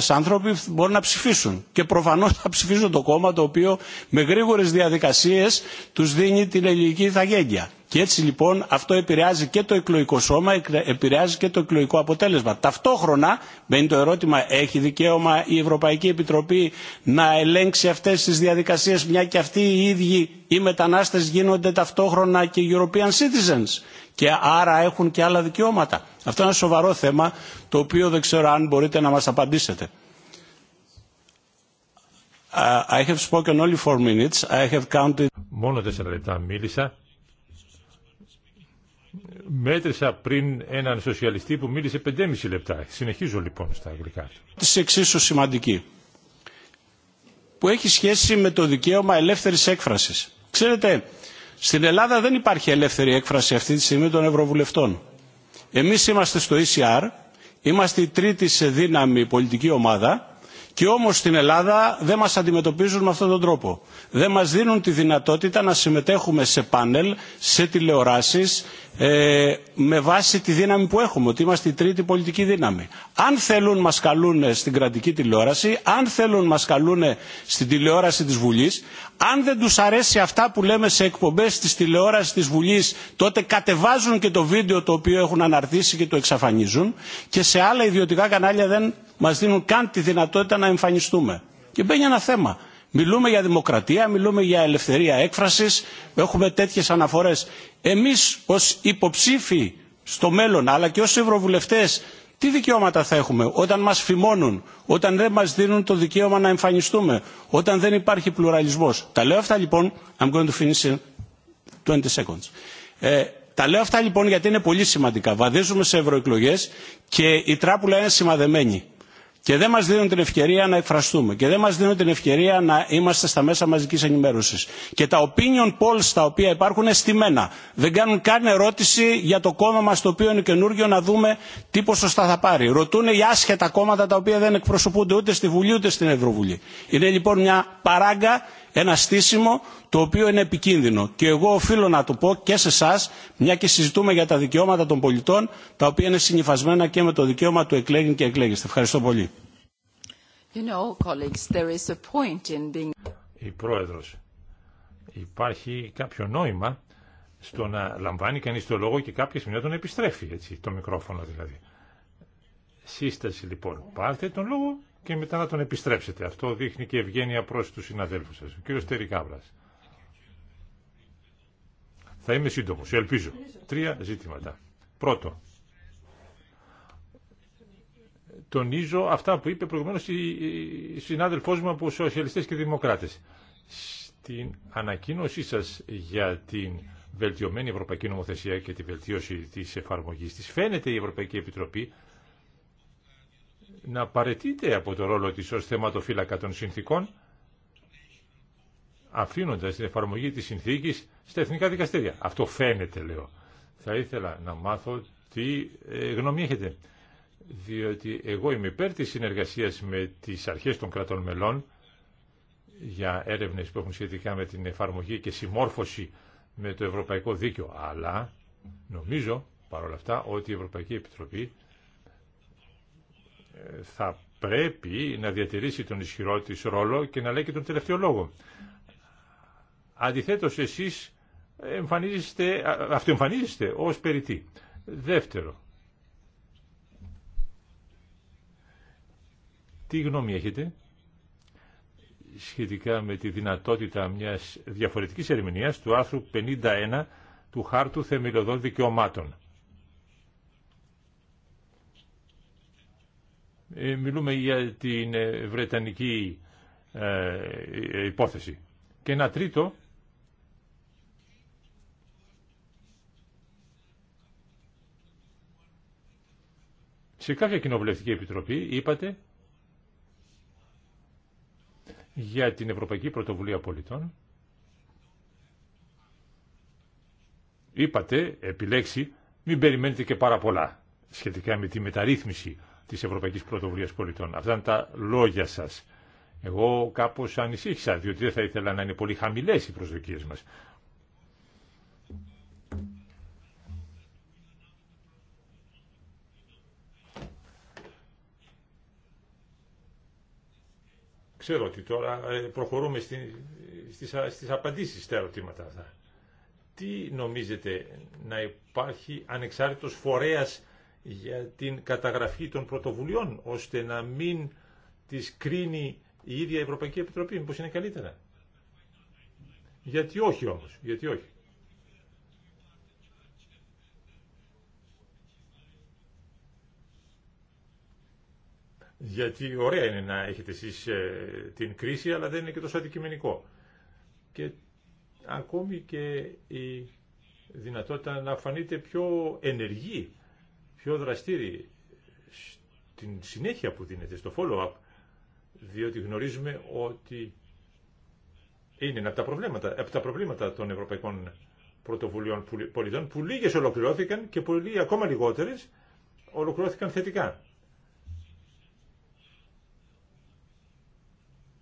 άνθρωποι μπορούν να ψηφίσουν. Και προφανώ θα ψηφίσουν το κόμμα το οποίο με γρήγορε διαδικασίε του δίνει την ελληνική ηθαγένεια. Και έτσι λοιπόν αυτό επηρεάζει και το εκλογικό σώμα, επηρεάζει και το εκλογικό αποτέλεσμα. Ταυτόχρονα μπαίνει το ερώτημα έχει δικαίωμα η Ευρωπαϊκή Επιτροπή να ελέγξει αυτές τις διαδικασίες μια και αυτοί οι ίδιοι οι μετανάστες γίνονται ταυτόχρονα και European citizens και άρα έχουν και άλλα δικαιώματα. Αυτό είναι ένα σοβαρό θέμα το οποίο δεν ξέρω αν μπορείτε να μας απαντήσετε. I have spoken only minutes. I have counted... Μόνο τέσσερα λεπτά μίλησα. Μέτρησα πριν έναν σοσιαλιστή που μίλησε 5,5 λεπτά. Συνεχίζω λοιπόν στα αγγλικά. Τη εξίσου σημαντική που έχει σχέση με το δικαίωμα ελεύθερης έκφρασης. Ξέρετε, στην Ελλάδα δεν υπάρχει ελεύθερη έκφραση αυτή τη στιγμή των Ευρωβουλευτών. Εμείς είμαστε στο ECR, είμαστε η τρίτη σε δύναμη πολιτική ομάδα και όμως στην Ελλάδα δεν μας αντιμετωπίζουν με αυτόν τον τρόπο. Δεν μας δίνουν τη δυνατότητα να συμμετέχουμε σε πάνελ, σε τηλεοράσεις, ε, με βάση τη δύναμη που έχουμε, ότι είμαστε η τρίτη πολιτική δύναμη. Αν θέλουν μας καλούν στην κρατική τηλεόραση, αν θέλουν μας καλούν στην τηλεόραση της Βουλής, αν δεν τους αρέσει αυτά που λέμε σε εκπομπές της τηλεόρασης της Βουλής, τότε κατεβάζουν και το βίντεο το οποίο έχουν αναρτήσει και το εξαφανίζουν και σε άλλα ιδιωτικά κανάλια δεν μας δίνουν καν τη δυνατότητα να εμφανιστούμε. Και μπαίνει ένα θέμα. Μιλούμε για δημοκρατία, μιλούμε για ελευθερία έκφρασης, έχουμε τέτοιες αναφορές. Εμείς ως υποψήφοι στο μέλλον αλλά και ως ευρωβουλευτές τι δικαιώματα θα έχουμε όταν μας φημώνουν, όταν δεν μας δίνουν το δικαίωμα να εμφανιστούμε, όταν δεν υπάρχει πλουραλισμός. Τα λέω αυτά λοιπόν, I'm going to finish in 20 seconds. Ε, τα λέω αυτά λοιπόν γιατί είναι πολύ σημαντικά. Βαδίζουμε σε ευρωεκλογέ και η τράπουλα είναι σημαδεμένη και δεν μας δίνουν την ευκαιρία να εκφραστούμε και δεν μας δίνουν την ευκαιρία να είμαστε στα μέσα μαζικής ενημέρωσης. Και τα opinion polls τα οποία υπάρχουν είναι στημένα. Δεν κάνουν καν ερώτηση για το κόμμα μας το οποίο είναι καινούργιο να δούμε τι ποσοστά θα πάρει. Ρωτούν οι άσχετα κόμματα τα οποία δεν εκπροσωπούνται ούτε στη Βουλή ούτε στην Ευρωβουλή. Είναι λοιπόν μια παράγκα ένα στήσιμο το οποίο είναι επικίνδυνο. Και εγώ οφείλω να το πω και σε εσά, μια και συζητούμε για τα δικαιώματα των πολιτών, τα οποία είναι συνυφασμένα και με το δικαίωμα του εκλέγην και εκλέγεστε. Ευχαριστώ πολύ. You know, colleagues, there is a point in being... Η Πρόεδρος, υπάρχει κάποιο νόημα στο να λαμβάνει κανείς το λόγο και κάποια στιγμή να τον επιστρέφει, έτσι, το μικρόφωνο δηλαδή. Σύσταση λοιπόν, πάρτε τον λόγο και μετά να τον επιστρέψετε. Αυτό δείχνει και ευγένεια προς τους συναδέλφους σας. Ο κύριος Τερικάβρας. Θα είμαι σύντομος, ελπίζω. Τρία ζήτηματα. Πρώτο. Τονίζω αυτά που είπε προηγουμένως η συνάδελφός μου από σοσιαλιστές και δημοκράτες. Στην ανακοίνωσή σας για την βελτιωμένη ευρωπαϊκή νομοθεσία και τη βελτίωση της εφαρμογής της φαίνεται η Ευρωπαϊκή Επιτροπή να παρετείται από το ρόλο της ως θεματοφύλακα των συνθήκων, αφήνοντας την εφαρμογή της συνθήκης στα εθνικά δικαστήρια. Αυτό φαίνεται, λέω. Θα ήθελα να μάθω τι ε, γνώμη έχετε. Διότι εγώ είμαι υπέρ της συνεργασίας με τις αρχές των κρατών μελών για έρευνες που έχουν σχετικά με την εφαρμογή και συμμόρφωση με το Ευρωπαϊκό Δίκαιο. Αλλά νομίζω παρόλα αυτά ότι η Ευρωπαϊκή Επιτροπή θα πρέπει να διατηρήσει τον ισχυρό τη ρόλο και να λέει και τον τελευταίο λόγο. Αντιθέτω, εσείς εμφανίζεστε, αυτοεμφανίζεστε ως περιττή. Δεύτερο, τι γνώμη έχετε σχετικά με τη δυνατότητα μιας διαφορετικής ερμηνείας του άρθρου 51 του Χάρτου Θεμελιωδών Δικαιωμάτων Ε, μιλούμε για την ε, Βρετανική ε, υπόθεση. Και ένα τρίτο σε κάποια κοινοβουλευτική επιτροπή είπατε για την Ευρωπαϊκή Πρωτοβουλία Πολιτών είπατε επιλέξει μην περιμένετε και πάρα πολλά σχετικά με τη μεταρρύθμιση Τη Ευρωπαϊκή Πρωτοβουλία Πολιτών. Αυτά είναι τα λόγια σας. Εγώ κάπως ανησύχησα, διότι δεν θα ήθελα να είναι πολύ χαμηλέ οι προσδοκίε μας. Ξέρω ότι τώρα ε, προχωρούμε στις, στις απαντήσεις στα ερωτήματα αυτά. Τι νομίζετε να υπάρχει ανεξάρτητος φορέας για την καταγραφή των πρωτοβουλειών, ώστε να μην τις κρίνει η ίδια η Ευρωπαϊκή Επιτροπή, μήπως είναι καλύτερα. Γιατί όχι όμως, γιατί όχι. Γιατί ωραία είναι να έχετε εσείς ε, την κρίση, αλλά δεν είναι και τόσο αντικειμενικό. Και ακόμη και η δυνατότητα να φανείτε πιο ενεργή πιο δραστήριοι στην συνέχεια που δίνεται, στο follow-up, διότι γνωρίζουμε ότι είναι ένα από τα προβλήματα, από προβλήματα των ευρωπαϊκών Πρωτοβουλίων πολιτών, που λίγε ολοκληρώθηκαν και πολλοί ακόμα λιγότερε ολοκληρώθηκαν θετικά.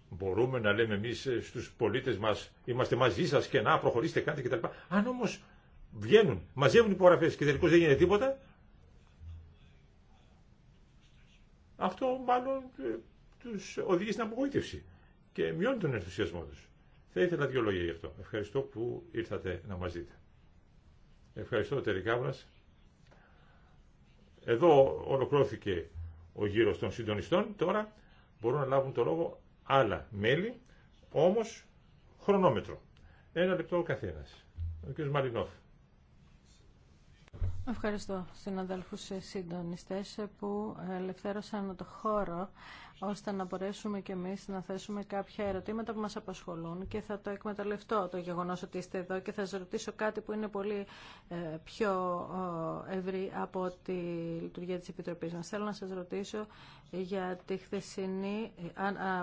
Μπορούμε να λέμε εμεί ε, στου πολίτες μας, είμαστε μαζί σα και να προχωρήστε, κάντε κτλ. Αν όμω, βγαίνουν, μαζεύουν υπογραφέ και τελικώ δεν γίνεται τίποτα, αυτό μάλλον ε, του οδηγεί στην απογοήτευση και μειώνει τον ενθουσιασμό τους. Θα ήθελα δύο λόγια γι' αυτό. Ευχαριστώ που ήρθατε να μας δείτε. Ευχαριστώ τελικά μα, Εδώ ολοκληρώθηκε ο γύρος των συντονιστών. Τώρα μπορούν να λάβουν το λόγο άλλα μέλη, όμως χρονόμετρο. Ένα λεπτό ο καθένας. Ο κ. Μαρινόφ. Ευχαριστώ συναδέλφους ε, συντονιστές ε, που ελευθέρωσαν το χώρο ώστε να μπορέσουμε και εμείς να θέσουμε κάποια ερωτήματα που μας απασχολούν και θα το εκμεταλλευτώ το γεγονός ότι είστε εδώ και θα σας ρωτήσω κάτι που είναι πολύ ε, πιο ευρύ από τη λειτουργία της Επιτροπής μας. Θέλω να σας ρωτήσω για τη χθεσινή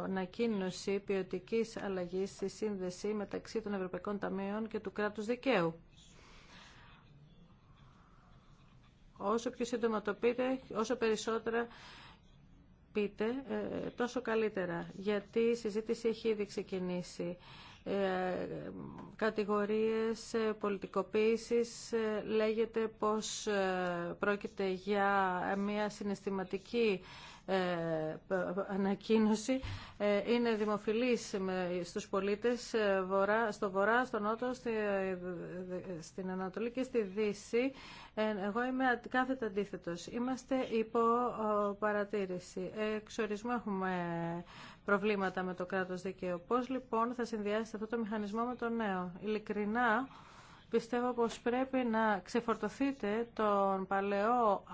ανακοίνωση ποιοτική αλλαγής στη σύνδεση μεταξύ των Ευρωπαϊκών Ταμείων και του κράτους δικαίου. Όσο πιο σύντομα το πείτε, όσο περισσότερα πείτε, ε, τόσο καλύτερα. Γιατί η συζήτηση έχει ήδη ξεκινήσει. Ε, κατηγορίες ε, πολιτικοποίησης λέγεται πως πρόκειται για μια συναισθηματική ε, ανακοίνωση ε, είναι δημοφιλής στους πολίτες ε, στο βορρά, στο νότο, στην Ανατολή και στη Δύση. Εγώ είμαι κάθετα αντίθετος. Είμαστε υπό παρατήρηση. Εξορισμού έχουμε προβλήματα με το κράτος δικαίου. Πώς λοιπόν θα συνδυάσετε αυτό το μηχανισμό με το νέο. Ειλικρινά, πιστεύω πως πρέπει να ξεφορτωθείτε τον παλαιό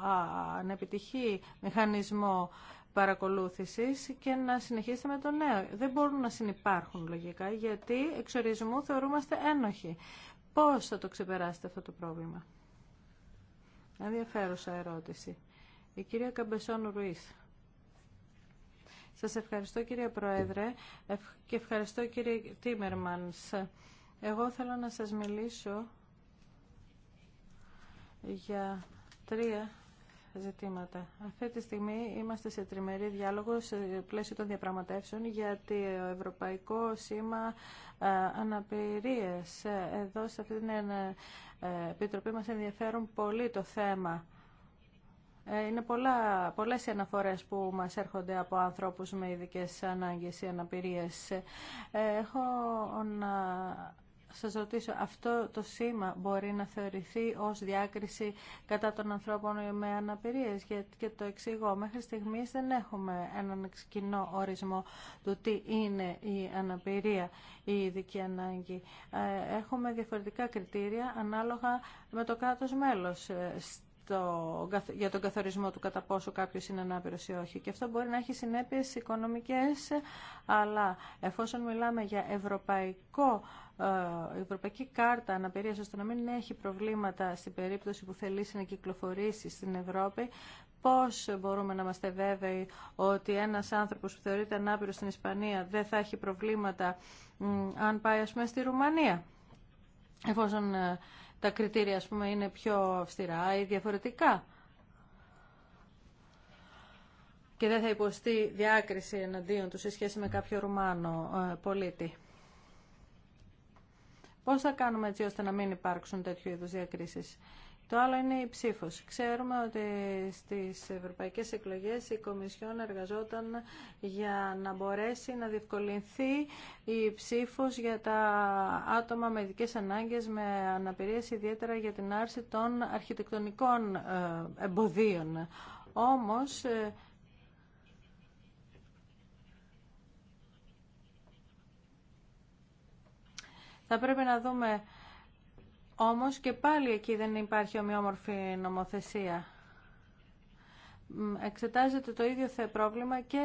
ανεπιτυχή μηχανισμό παρακολούθησης και να συνεχίσετε με το νέο. Δεν μπορούν να συνεπάρχουν λογικά, γιατί εξ ορισμού θεωρούμαστε ένοχοι. Πώς θα το ξεπεράσετε αυτό το πρόβλημα. Ενδιαφέρουσα ερώτηση. Η κυρία Καμπεσόν Ρουίς. Σας ευχαριστώ κύριε Πρόεδρε και ευχαριστώ κύριε Τίμερμανς. Εγώ θέλω να σας μιλήσω για τρία ζητήματα. Αυτή τη στιγμή είμαστε σε τριμερή διάλογο σε πλαίσιο των διαπραγματεύσεων γιατί ο Ευρωπαϊκό Σήμα ε, αναπηρίες. Ε, εδώ σε αυτή την ε, επιτροπή μας ενδιαφέρουν πολύ το θέμα. Είναι πολλά, πολλές οι αναφορές που μας έρχονται από ανθρώπους με ειδικές ανάγκες ή αναπηρίες. Έχω σας ρωτήσω, αυτό το σήμα μπορεί να θεωρηθεί ως διάκριση κατά των ανθρώπων με αναπηρίες και το εξηγώ. Μέχρι στιγμής δεν έχουμε έναν κοινό ορισμό του τι είναι η αναπηρία, η ειδική ανάγκη. Ε, έχουμε διαφορετικά κριτήρια ανάλογα με το κράτος μέλος. Ε, το, για τον καθορισμό του κατά πόσο κάποιο είναι ανάπηρο ή όχι. Και αυτό μπορεί να έχει συνέπειε οικονομικέ, αλλά εφόσον μιλάμε για ευρωπαϊκό, ε, ευρωπαϊκή κάρτα αναπηρία, ώστε να μην έχει προβλήματα στην περίπτωση που θελήσει να κυκλοφορήσει στην Ευρώπη, πώς μπορούμε να είμαστε βέβαιοι ότι ένας άνθρωπος που θεωρείται ανάπηρο στην Ισπανία δεν θα έχει προβλήματα αν πάει α πούμε στη Ρουμανία εφόσον ε, τα κριτήρια ας πούμε είναι πιο αυστηρά ή διαφορετικά και δεν θα υποστεί διάκριση εναντίον του σε σχέση με κάποιο Ρουμάνο ε, πολίτη. Πώς θα κάνουμε έτσι ώστε να μην υπάρξουν τέτοιου είδους διακρίσεις. Το άλλο είναι η ψήφο. Ξέρουμε ότι στις ευρωπαϊκές εκλογές η Κομισιόν εργαζόταν για να μπορέσει να διευκολυνθεί η ψήφο για τα άτομα με ειδικέ ανάγκες, με αναπηρία ιδιαίτερα για την άρση των αρχιτεκτονικών ε, εμποδίων. Όμως, ε, θα πρέπει να δούμε όμως και πάλι εκεί δεν υπάρχει ομοιόμορφη νομοθεσία εξετάζεται το ίδιο πρόβλημα και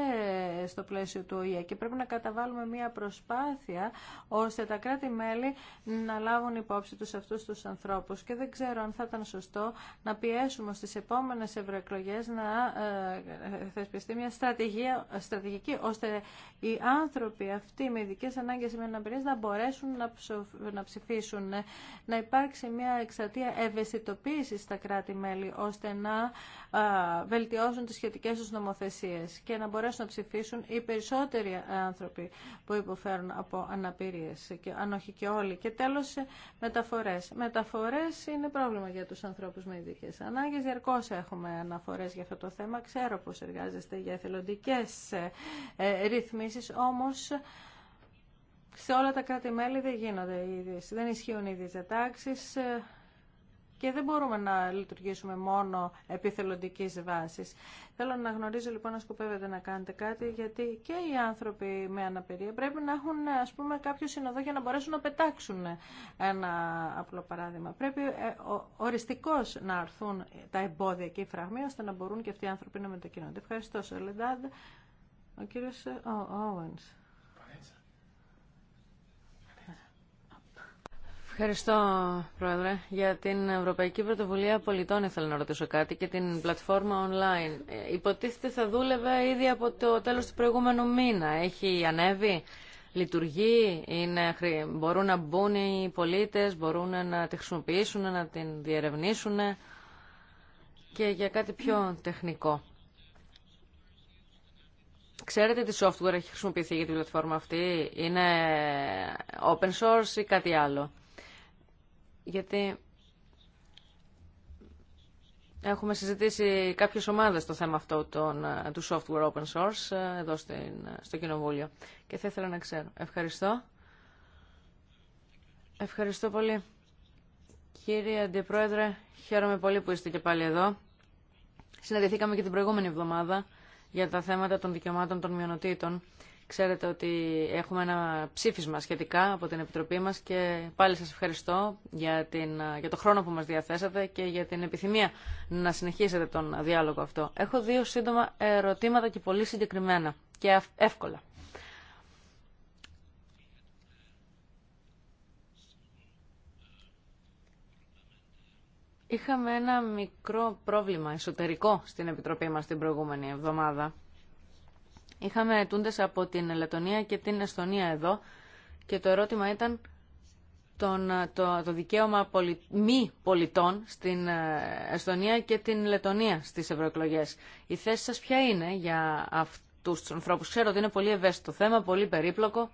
στο πλαίσιο του ΟΗΕ και πρέπει να καταβάλουμε μια προσπάθεια ώστε τα κράτη-μέλη να λάβουν υπόψη τους αυτούς τους ανθρώπους και δεν ξέρω αν θα ήταν σωστό να πιέσουμε στις επόμενες ευρωεκλογέ να ε, ε, θεσπιστεί μια στρατηγία, στρατηγική ώστε οι άνθρωποι αυτοί με ειδικέ ανάγκες ή με αναπηρίες να μπορέσουν να ψηφίσουν ε, να υπάρξει μια εξατία ευαισθητοποίηση στα κράτη-μέλη ώστε να βελτιώσουν βελτιώσουν τις σχετικές τους και να μπορέσουν να ψηφίσουν οι περισσότεροι άνθρωποι που υποφέρουν από αναπηρίες, και, αν όχι και όλοι. Και τέλος, μεταφορές. Μεταφορές είναι πρόβλημα για τους ανθρώπους με ειδικέ ανάγκες. Διαρκώς έχουμε αναφορές για αυτό το θέμα. Ξέρω πώς εργάζεστε για εθελοντικές ε, ε, ρυθμίσεις, όμως... Σε όλα τα κράτη-μέλη δεν γίνονται οι ίδιες, δεν ισχύουν οι ίδιες και δεν μπορούμε να λειτουργήσουμε μόνο επιθελοντικής βάσης. Θέλω να γνωρίζω λοιπόν να σκοπεύετε να κάνετε κάτι γιατί και οι άνθρωποι με αναπηρία πρέπει να έχουν ας πούμε κάποιο συνοδό για να μπορέσουν να πετάξουν ένα απλό παράδειγμα. Πρέπει ε, οριστικώς να αρθούν τα εμπόδια και οι φραγμοί ώστε να μπορούν και αυτοί οι άνθρωποι να μετακινούνται. Ευχαριστώ Σολεντάδ. Ο κύριος ε, Owens. Ευχαριστώ, Πρόεδρε. Για την Ευρωπαϊκή Πρωτοβουλία Πολιτών ήθελα να ρωτήσω κάτι και την πλατφόρμα online. Ε, υποτίθεται θα δούλευε ήδη από το τέλος του προηγούμενου μήνα. Έχει ανέβει, λειτουργεί, είναι, μπορούν να μπουν οι πολίτες, μπορούν να τη χρησιμοποιήσουν, να την διερευνήσουν και για κάτι πιο τεχνικό. Ξέρετε τι software έχει χρησιμοποιηθεί για την πλατφόρμα αυτή, είναι open source ή κάτι άλλο γιατί έχουμε συζητήσει κάποιες ομάδες το θέμα αυτό ε, του software open source ε, εδώ στην, ε, στο Κοινοβούλιο και θα ήθελα να ξέρω. Ευχαριστώ. Ευχαριστώ πολύ. Κύριε Αντιπρόεδρε, χαίρομαι πολύ που είστε και πάλι εδώ. Συναντηθήκαμε και την προηγούμενη εβδομάδα για τα θέματα των δικαιωμάτων των μειονοτήτων Ξέρετε ότι έχουμε ένα ψήφισμα σχετικά από την Επιτροπή μας και πάλι σας ευχαριστώ για, την, για το χρόνο που μας διαθέσατε και για την επιθυμία να συνεχίσετε τον διάλογο αυτό. Έχω δύο σύντομα ερωτήματα και πολύ συγκεκριμένα και εύκολα. Είχαμε ένα μικρό πρόβλημα εσωτερικό στην Επιτροπή μας την προηγούμενη εβδομάδα Είχαμε αιτούντε από την Λετωνία και την Εστονία εδώ και το ερώτημα ήταν τον, το, δικαίωμα πολι, μη πολιτών στην ε, Εστονία και την Λετωνία στις ευρωεκλογέ. Η θέση σας ποια είναι για αυτούς τους ανθρώπου. Ξέρω ότι είναι πολύ ευαίσθητο θέμα, πολύ περίπλοκο.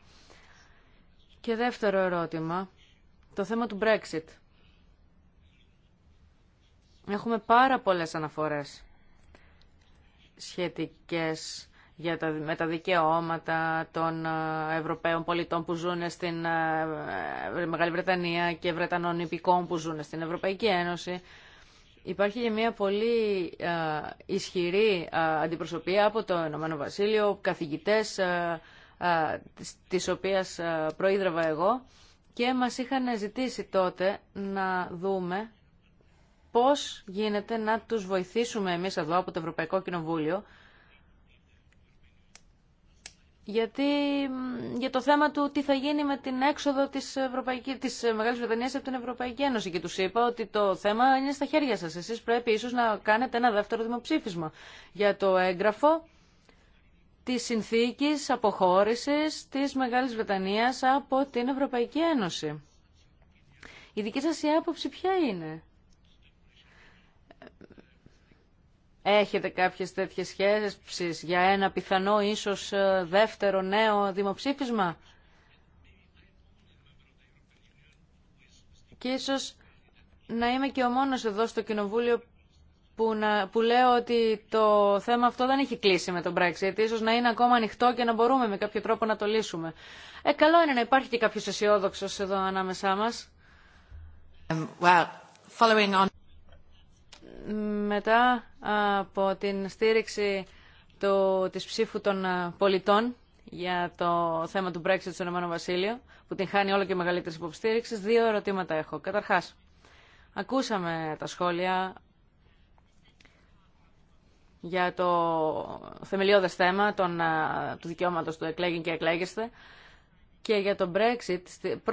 Και δεύτερο ερώτημα, το θέμα του Brexit. Έχουμε πάρα πολλές αναφορές σχετικές για τα, με τα δικαιώματα των ε, Ευρωπαίων πολιτών που ζουν στην ε, ε, Μεγάλη Βρετανία και Βρετανών υπηκών που ζουν στην Ευρωπαϊκή Ένωση. Υπάρχει και μια πολύ ισχυρή αντιπροσωπεία από το Ηνωμένο Βασίλειο, καθηγητές της οποίας προείδρευα εγώ και μας είχαν ζητήσει τότε να δούμε πώς γίνεται να τους βοηθήσουμε εμείς εδώ από το Ευρωπαϊκό Κοινοβούλιο γιατί για το θέμα του τι θα γίνει με την έξοδο της, Ευρωπαϊκής, της Μεγάλης Βρετανίας από την Ευρωπαϊκή Ένωση και τους είπα ότι το θέμα είναι στα χέρια σας. Εσείς πρέπει ίσως να κάνετε ένα δεύτερο δημοψήφισμα για το έγγραφο της συνθήκης αποχώρησης της Μεγάλης Βρετανίας από την Ευρωπαϊκή Ένωση. Η δική σας άποψη ποια είναι. Έχετε κάποιες τέτοιες σχέσεις για ένα πιθανό ίσως ε, δεύτερο νέο δημοψήφισμα. Και ίσως να είμαι και ο μόνος εδώ στο Κοινοβούλιο που, να, που λέω ότι το θέμα αυτό δεν έχει κλείσει με τον Brexit. Ίσως να είναι ακόμα ανοιχτό και να μπορούμε με κάποιο τρόπο να το λύσουμε. Ε, καλό είναι να υπάρχει και κάποιος αισιόδοξο εδώ ανάμεσά μας. Well, μετά από την στήριξη του, της ψήφου των ε, πολιτών για το θέμα του Brexit στον Ηνωμένο Βασίλειο, που την χάνει όλο και μεγαλύτερη υποστήριξη, δύο ερωτήματα έχω. Καταρχάς, ακούσαμε τα σχόλια για το θεμελιώδες θέμα των, ε, του δικαιώματος του εκλέγην και εκλέγεστε και για το Brexit,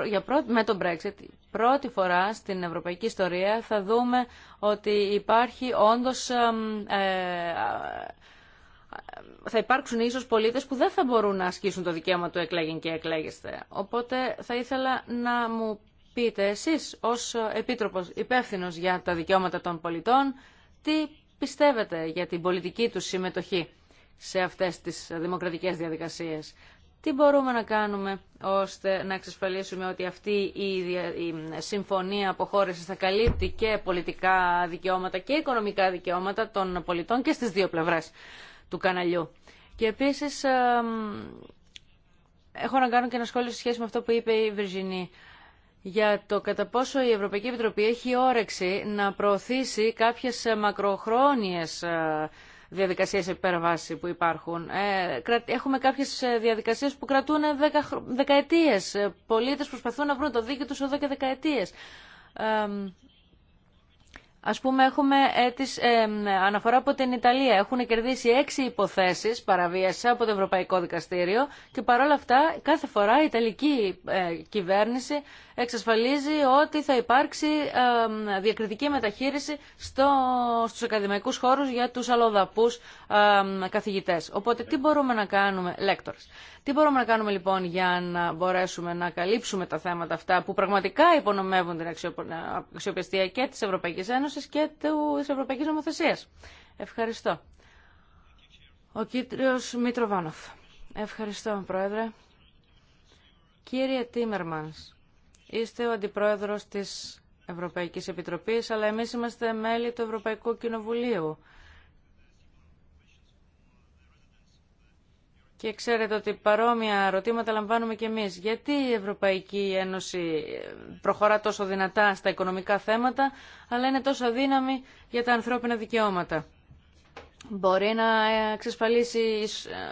για με τον Brexit, πρώτη φορά στην ευρωπαϊκή ιστορία θα δούμε ότι υπάρχει όντως, ε, θα υπάρξουν ίσως πολίτες που δεν θα μπορούν να ασκήσουν το δικαίωμα του εκλέγην και εκλέγεστε. Οπότε θα ήθελα να μου πείτε εσείς ως Επίτροπος υπεύθυνο για τα δικαιώματα των πολιτών, τι πιστεύετε για την πολιτική του συμμετοχή σε αυτές τις δημοκρατικές διαδικασίες τι μπορούμε να κάνουμε ώστε να εξασφαλίσουμε ότι αυτή η συμφωνία αποχώρησης θα καλύπτει και πολιτικά δικαιώματα και οικονομικά δικαιώματα των πολιτών και στις δύο πλευρές του καναλιού. Και επίσης έχω να κάνω και ένα σχόλιο σε σχέση με αυτό που είπε η Βερζινή για το κατά πόσο η Ευρωπαϊκή Επιτροπή έχει όρεξη να προωθήσει κάποιες μακροχρόνιες ε, διαδικασίες υπερβάση που υπάρχουν. Ε, έχουμε κάποιες ε, διαδικασίες που κρατούν δεκαετίες. Ε, πολίτες προσπαθούν να βρουν το δίκαιο τους εδώ και δεκαετίες. Ας πούμε έχουμε έτης, αναφορά από την Ιταλία. Έχουν κερδίσει έξι υποθέσεις παραβίαση από το Ευρωπαϊκό Δικαστήριο και παρόλα αυτά κάθε φορά η Ιταλική κυβέρνηση εξασφαλίζει ότι θα υπάρξει διακριτική μεταχείριση στο, στους ακαδημαϊκούς χώρους για τους αλλοδαπούς καθηγητές. Οπότε τι μπορούμε να κάνουμε, λέκτορες. Τι μπορούμε να κάνουμε λοιπόν για να μπορέσουμε να καλύψουμε τα θέματα αυτά που πραγματικά υπονομεύουν την ε, αξιοπιστία και της Ευρωπαϊκής Ένωσης και της Ευρωπαϊκής Νομοθεσίας. Ευχαριστώ. Ο κύριος Μητροβάνοφ. Ευχαριστώ, Πρόεδρε. Κύριε Τίμερμανς, Είστε ο αντιπρόεδρος της Ευρωπαϊκής Επιτροπής, αλλά εμείς είμαστε μέλη του Ευρωπαϊκού Κοινοβουλίου. Και ξέρετε ότι παρόμοια ερωτήματα λαμβάνουμε και εμείς. Γιατί η Ευρωπαϊκή Ένωση προχωρά τόσο δυνατά στα οικονομικά θέματα, αλλά είναι τόσο δύναμη για τα ανθρώπινα δικαιώματα. Μπορεί να εξασφαλίσει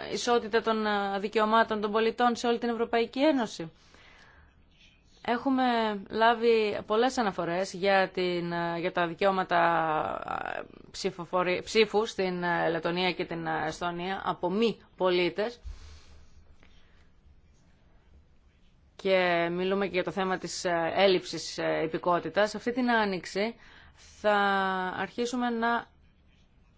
ε, ισότητα των ε, δικαιωμάτων των πολιτών σε όλη την Ευρωπαϊκή Ένωση. Έχουμε λάβει πολλές αναφορές για, την, για τα δικαιώματα ψήφου στην ε, Λετωνία και την ε, Εστονία από μη πολίτες. Και μιλούμε και για το θέμα της ε, έλλειψης υπηκότητας. Αυτή την άνοιξη θα αρχίσουμε να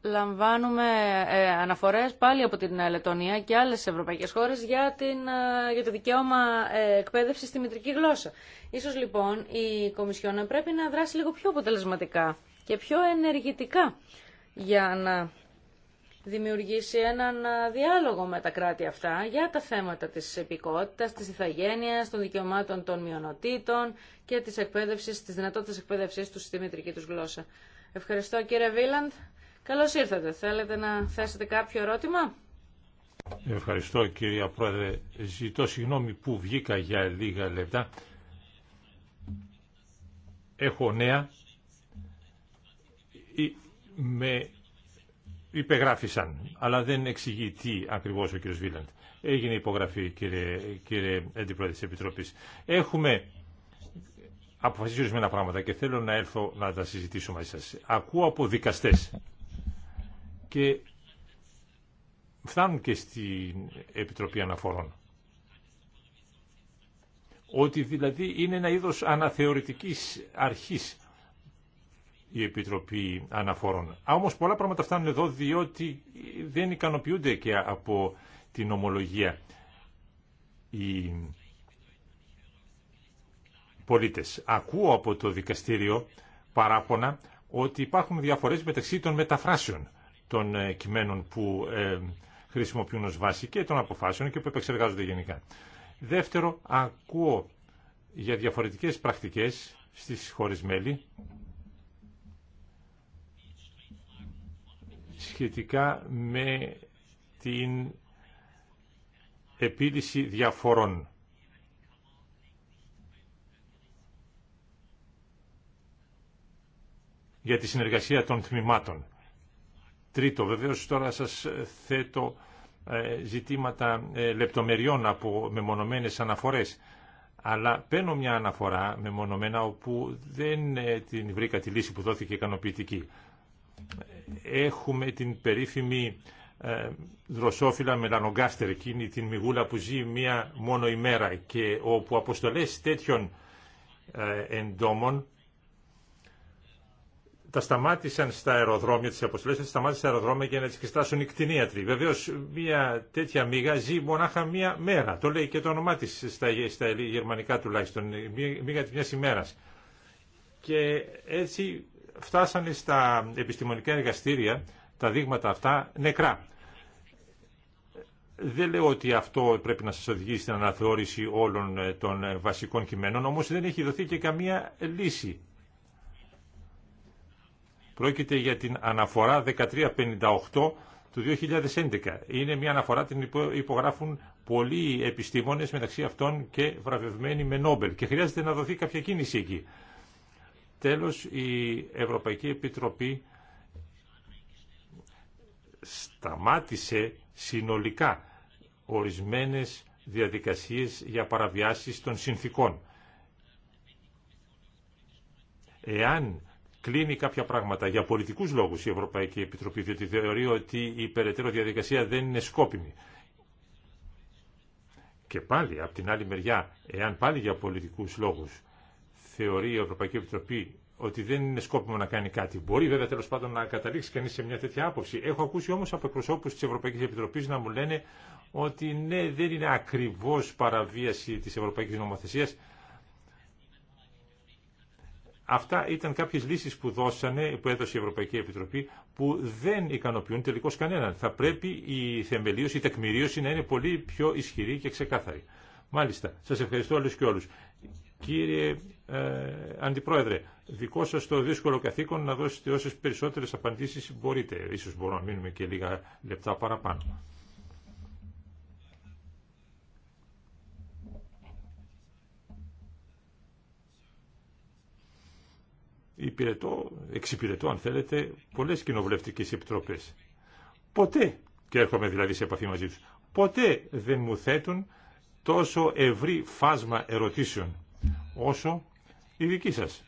λαμβάνουμε ε, αναφορές πάλι από την ε, Λετωνία και άλλες ευρωπαϊκές χώρες για, την, ε, για το δικαίωμα ε, εκπαίδευση στη μητρική γλώσσα. Ίσως λοιπόν η Κομισιόν πρέπει να δράσει λίγο πιο αποτελεσματικά και πιο ενεργητικά για να δημιουργήσει έναν ε, διάλογο με τα κράτη αυτά για τα θέματα της επικότητας, της ηθαγένειας, των δικαιωμάτων των μειονοτήτων και της, εκπαίδευσης, της δυνατότητας εκπαίδευσης του στη μητρική τους γλώσσα. Ευχαριστώ κύριε Βίλαντ. Καλώς ήρθατε. Θέλετε να θέσετε κάποιο ερώτημα? Ευχαριστώ κυρία Πρόεδρε. Ζητώ συγγνώμη που βγήκα για λίγα λεπτά. Έχω νέα. Ε, με υπεγράφησαν, αλλά δεν εξηγεί τι ακριβώς ο κύριος Βίλαντ. Έγινε υπογραφή κύριε, κύριε Αντιπρόεδρε της Επιτροπής. Έχουμε αποφασίσει ορισμένα πράγματα και θέλω να έρθω να τα συζητήσω μαζί σας. Ακούω από δικαστές και φτάνουν και στην Επιτροπή Αναφορών. Ότι δηλαδή είναι ένα είδος αναθεωρητικής αρχής η Επιτροπή Αναφορών. Όμως πολλά πράγματα φτάνουν εδώ διότι δεν ικανοποιούνται και από την ομολογία οι πολίτες. Ακούω από το δικαστήριο παράπονα ότι υπάρχουν διαφορές μεταξύ των μεταφράσεων των ε, κειμένων που ε, χρησιμοποιούν ως βάση και των αποφάσεων και που επεξεργάζονται γενικά. Δεύτερο, ακούω για διαφορετικές πρακτικές στις χώρες μέλη σχετικά με την επίλυση διαφορών. για τη συνεργασία των τμήματων. Τρίτο, βεβαίως τώρα σας θέτω ε, ζητήματα ε, λεπτομεριών από μεμονωμένες αναφορές. Αλλά παίρνω μια αναφορά μεμονωμένα όπου δεν ε, την βρήκα τη λύση που δόθηκε ικανοποιητική. Έχουμε την περίφημη δροσόφυλλα μελανογκάστερ, εκείνη την μιγούλα που ζει μία μόνο ημέρα και όπου αποστολές τέτοιων εντόμων τα σταμάτησαν στα αεροδρόμια, τι αποστολές τα σταμάτησαν στα αεροδρόμια για να τις κριστάσουν οι κτηνίατροι. Βεβαίω, μια τέτοια μίγα ζει μονάχα μία μέρα, το λέει και το όνομά της στα, στα γερμανικά τουλάχιστον, μίγα τη μια ημέρα. Και έτσι φτάσανε στα επιστημονικά εργαστήρια τα δείγματα αυτά νεκρά. Δεν λέω ότι αυτό πρέπει να σας οδηγήσει στην αναθεώρηση όλων των βασικών κειμένων, όμως δεν έχει δοθεί και καμία λύση Πρόκειται για την αναφορά 1358 του 2011. Είναι μια αναφορά την υπογράφουν πολλοί επιστήμονες μεταξύ αυτών και βραβευμένοι με Νόμπελ και χρειάζεται να δοθεί κάποια κίνηση εκεί. Τέλος, η Ευρωπαϊκή Επιτροπή σταμάτησε συνολικά ορισμένες διαδικασίες για παραβιάσεις των συνθήκων. Εάν κλείνει κάποια πράγματα. Για πολιτικού λόγου η Ευρωπαϊκή Επιτροπή, διότι θεωρεί ότι η περαιτέρω διαδικασία δεν είναι σκόπιμη. Και πάλι, από την άλλη μεριά, εάν πάλι για πολιτικού λόγου θεωρεί η Ευρωπαϊκή Επιτροπή ότι δεν είναι σκόπιμο να κάνει κάτι. Μπορεί βέβαια τέλο πάντων να καταλήξει κανεί σε μια τέτοια άποψη. Έχω ακούσει όμω από εκπροσώπου τη Ευρωπαϊκή Επιτροπή να μου λένε ότι ναι, δεν είναι ακριβώ παραβίαση τη Ευρωπαϊκή Νομοθεσία, Αυτά ήταν κάποιες λύσεις που, δώσανε, που έδωσε η Ευρωπαϊκή Επιτροπή που δεν ικανοποιούν τελικώς κανέναν. Θα πρέπει η θεμελίωση, η τεκμηρίωση να είναι πολύ πιο ισχυρή και ξεκάθαρη. Μάλιστα, σας ευχαριστώ όλους και όλου. Κύριε ε, Αντιπρόεδρε, δικό σα το δύσκολο καθήκον να δώσετε όσε περισσότερε απαντήσει μπορείτε. Ίσως μπορούμε να μείνουμε και λίγα λεπτά παραπάνω. υπηρετώ, εξυπηρετώ αν θέλετε πολλές κοινοβουλευτικές επιτροπές. Ποτέ, και έρχομαι δηλαδή σε επαφή μαζί τους, ποτέ δεν μου θέτουν τόσο ευρύ φάσμα ερωτήσεων όσο η δική σας.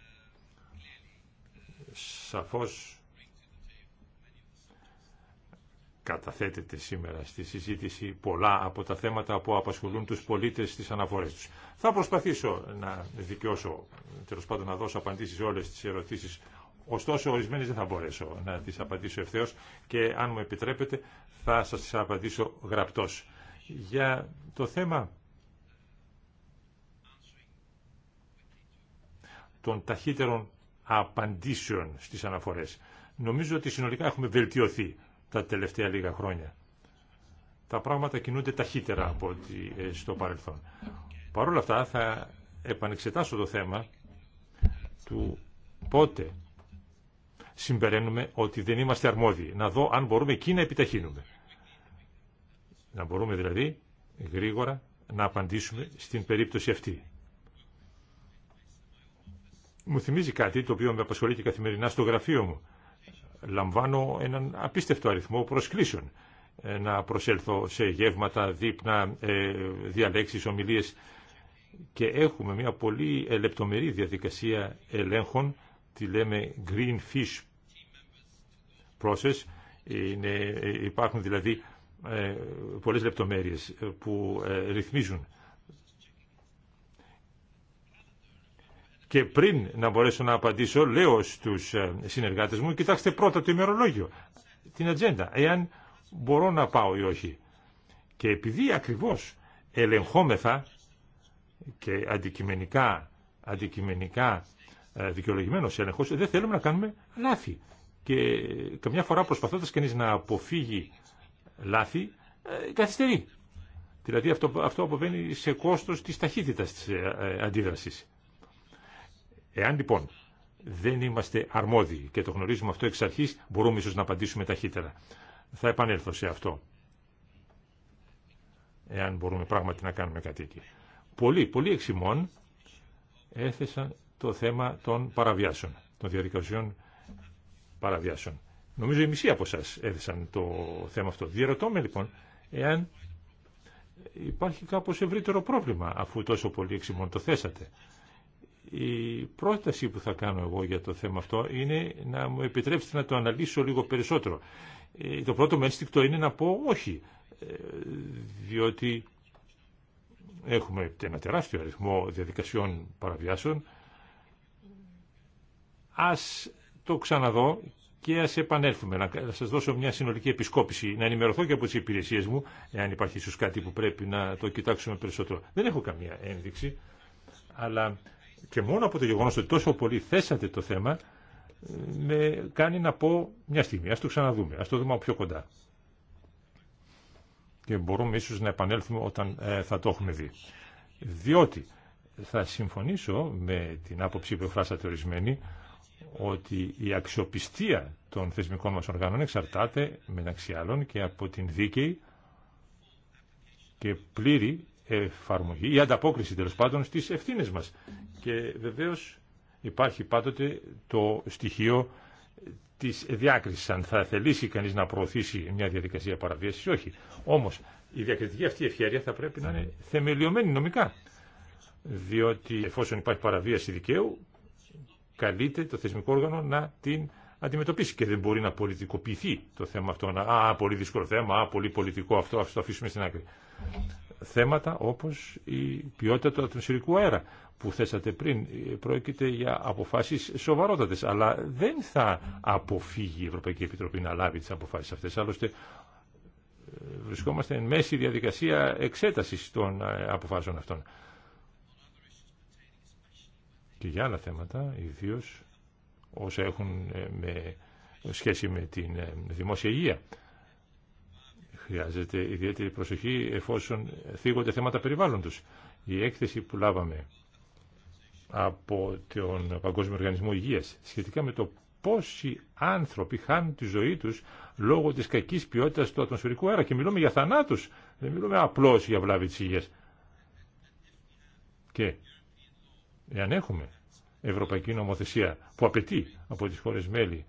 Σαφώς καταθέτεται σήμερα στη συζήτηση πολλά από τα θέματα που απασχολούν τους πολίτες στις αναφορές τους. Θα προσπαθήσω να δικαιώσω, τέλο πάντων να δώσω απαντήσεις σε όλες τις ερωτήσεις, ωστόσο ορισμένες δεν θα μπορέσω να τις απαντήσω ευθέως και αν μου επιτρέπετε θα σας τις απαντήσω γραπτός. Για το θέμα των ταχύτερων απαντήσεων στις αναφορές. Νομίζω ότι συνολικά έχουμε βελτιωθεί τα τελευταία λίγα χρόνια. Τα πράγματα κινούνται ταχύτερα από ότι ε, στο παρελθόν. Παρ' όλα αυτά θα επανεξετάσω το θέμα του πότε συμπεραίνουμε ότι δεν είμαστε αρμόδιοι. Να δω αν μπορούμε εκεί να επιταχύνουμε. Να μπορούμε δηλαδή γρήγορα να απαντήσουμε στην περίπτωση αυτή. Μου θυμίζει κάτι το οποίο με απασχολεί και καθημερινά στο γραφείο μου λαμβάνω έναν απίστευτο αριθμό προσκλήσεων ε, να προσέλθω σε γεύματα, δείπνα, ε, διαλέξεις, ομιλίες και έχουμε μια πολύ ε, λεπτομερή διαδικασία ελέγχων, τη λέμε Green Fish Process, Είναι, υπάρχουν δηλαδή πολλές λεπτομέρειες που ρυθμίζουν και πριν να μπορέσω να απαντήσω, λέω στους ε, συνεργάτες μου, κοιτάξτε πρώτα το ημερολόγιο, την ατζέντα, εάν μπορώ να πάω ή όχι. Και επειδή ακριβώς ελεγχόμεθα και αντικειμενικά, αντικειμενικά ε, δικαιολογημένος έλεγχος, δεν θέλουμε να κάνουμε λάθη. Και καμιά φορά προσπαθώντας κανείς να αποφύγει λάθη, ε, καθυστερεί. Δηλαδή αυτό, αυτό αποβαίνει σε κόστος της ταχύτητας της αντίδρασης. Εάν λοιπόν δεν είμαστε αρμόδιοι και το γνωρίζουμε αυτό εξ αρχής, μπορούμε ίσως να απαντήσουμε ταχύτερα. Θα επανέλθω σε αυτό, εάν μπορούμε πράγματι να κάνουμε κάτι εκεί. Πολλοί, πολλοί εξημών έθεσαν το θέμα των παραβιάσεων, των διαδικασιών παραβιάσεων. Νομίζω οι μισοί από σας έθεσαν το θέμα αυτό. Διερωτώ με λοιπόν, εάν υπάρχει κάπως ευρύτερο πρόβλημα, αφού τόσο πολλοί εξημών το θέσατε. Η πρόταση που θα κάνω εγώ για το θέμα αυτό είναι να μου επιτρέψετε να το αναλύσω λίγο περισσότερο. Ε, το πρώτο μου ένστικτο είναι να πω όχι, ε, διότι έχουμε ένα τεράστιο αριθμό διαδικασιών παραβιάσεων. Ας το ξαναδώ και ας επανέλθουμε, να σας δώσω μια συνολική επισκόπηση, να ενημερωθώ και από τις υπηρεσίες μου, εάν υπάρχει ίσως κάτι που πρέπει να το κοιτάξουμε περισσότερο. Δεν έχω καμία ένδειξη, αλλά και μόνο από το γεγονό ότι τόσο πολύ θέσατε το θέμα ε, με κάνει να πω μια στιγμή, Α το ξαναδούμε, α το δούμε πιο κοντά. Και μπορούμε ίσω να επανέλθουμε όταν ε, θα το έχουμε δει. Διότι θα συμφωνήσω με την άποψη που εφράσατε ορισμένη ότι η αξιοπιστία των θεσμικών μας οργάνων εξαρτάται μεταξύ άλλων και από την δίκαιη και πλήρη εφαρμογή, η ανταπόκριση τέλο πάντων στις ευθύνες μας. Και βεβαίως υπάρχει πάντοτε το στοιχείο της διάκρισης, αν θα θελήσει κανείς να προωθήσει μια διαδικασία παραβίασης ή όχι. Όμως διακριτική αυτή ευχαίρεια θα πρέπει να είναι θεμελιωμένη νομικά. Διότι εφόσον υπάρχει παραβίαση δικαίου, καλείται το θεσμικό όργανο να την αντιμετωπίσει και δεν μπορεί να πολιτικοποιηθεί το θέμα αυτό. Να, α, πολύ δύσκολο θέμα, α, πολύ πολιτικό αυτό, α το αφήσουμε στην άκρη θέματα όπως η ποιότητα του ατμοσφαιρικού αέρα που θέσατε πριν. Πρόκειται για αποφάσεις σοβαρότατες, αλλά δεν θα αποφύγει η Ευρωπαϊκή Επιτροπή να λάβει τις αποφάσεις αυτές. Άλλωστε βρισκόμαστε εν μέση διαδικασία εξέτασης των ε, αποφάσεων αυτών. Και για άλλα θέματα, ιδίως όσα έχουν ε, με σχέση με την ε, δημόσια υγεία. Χρειάζεται ιδιαίτερη προσοχή εφόσον θίγονται θέματα περιβάλλοντος. Η έκθεση που λάβαμε από τον Παγκόσμιο Οργανισμό Υγείας σχετικά με το πόσοι άνθρωποι χάνουν τη ζωή τους λόγω της κακής ποιότητας του ατμοσφαιρικού αέρα. Και μιλούμε για θανάτους, δεν μιλούμε απλώς για βλάβη της υγείας. Και εάν έχουμε ευρωπαϊκή νομοθεσία που απαιτεί από τις χώρες μέλη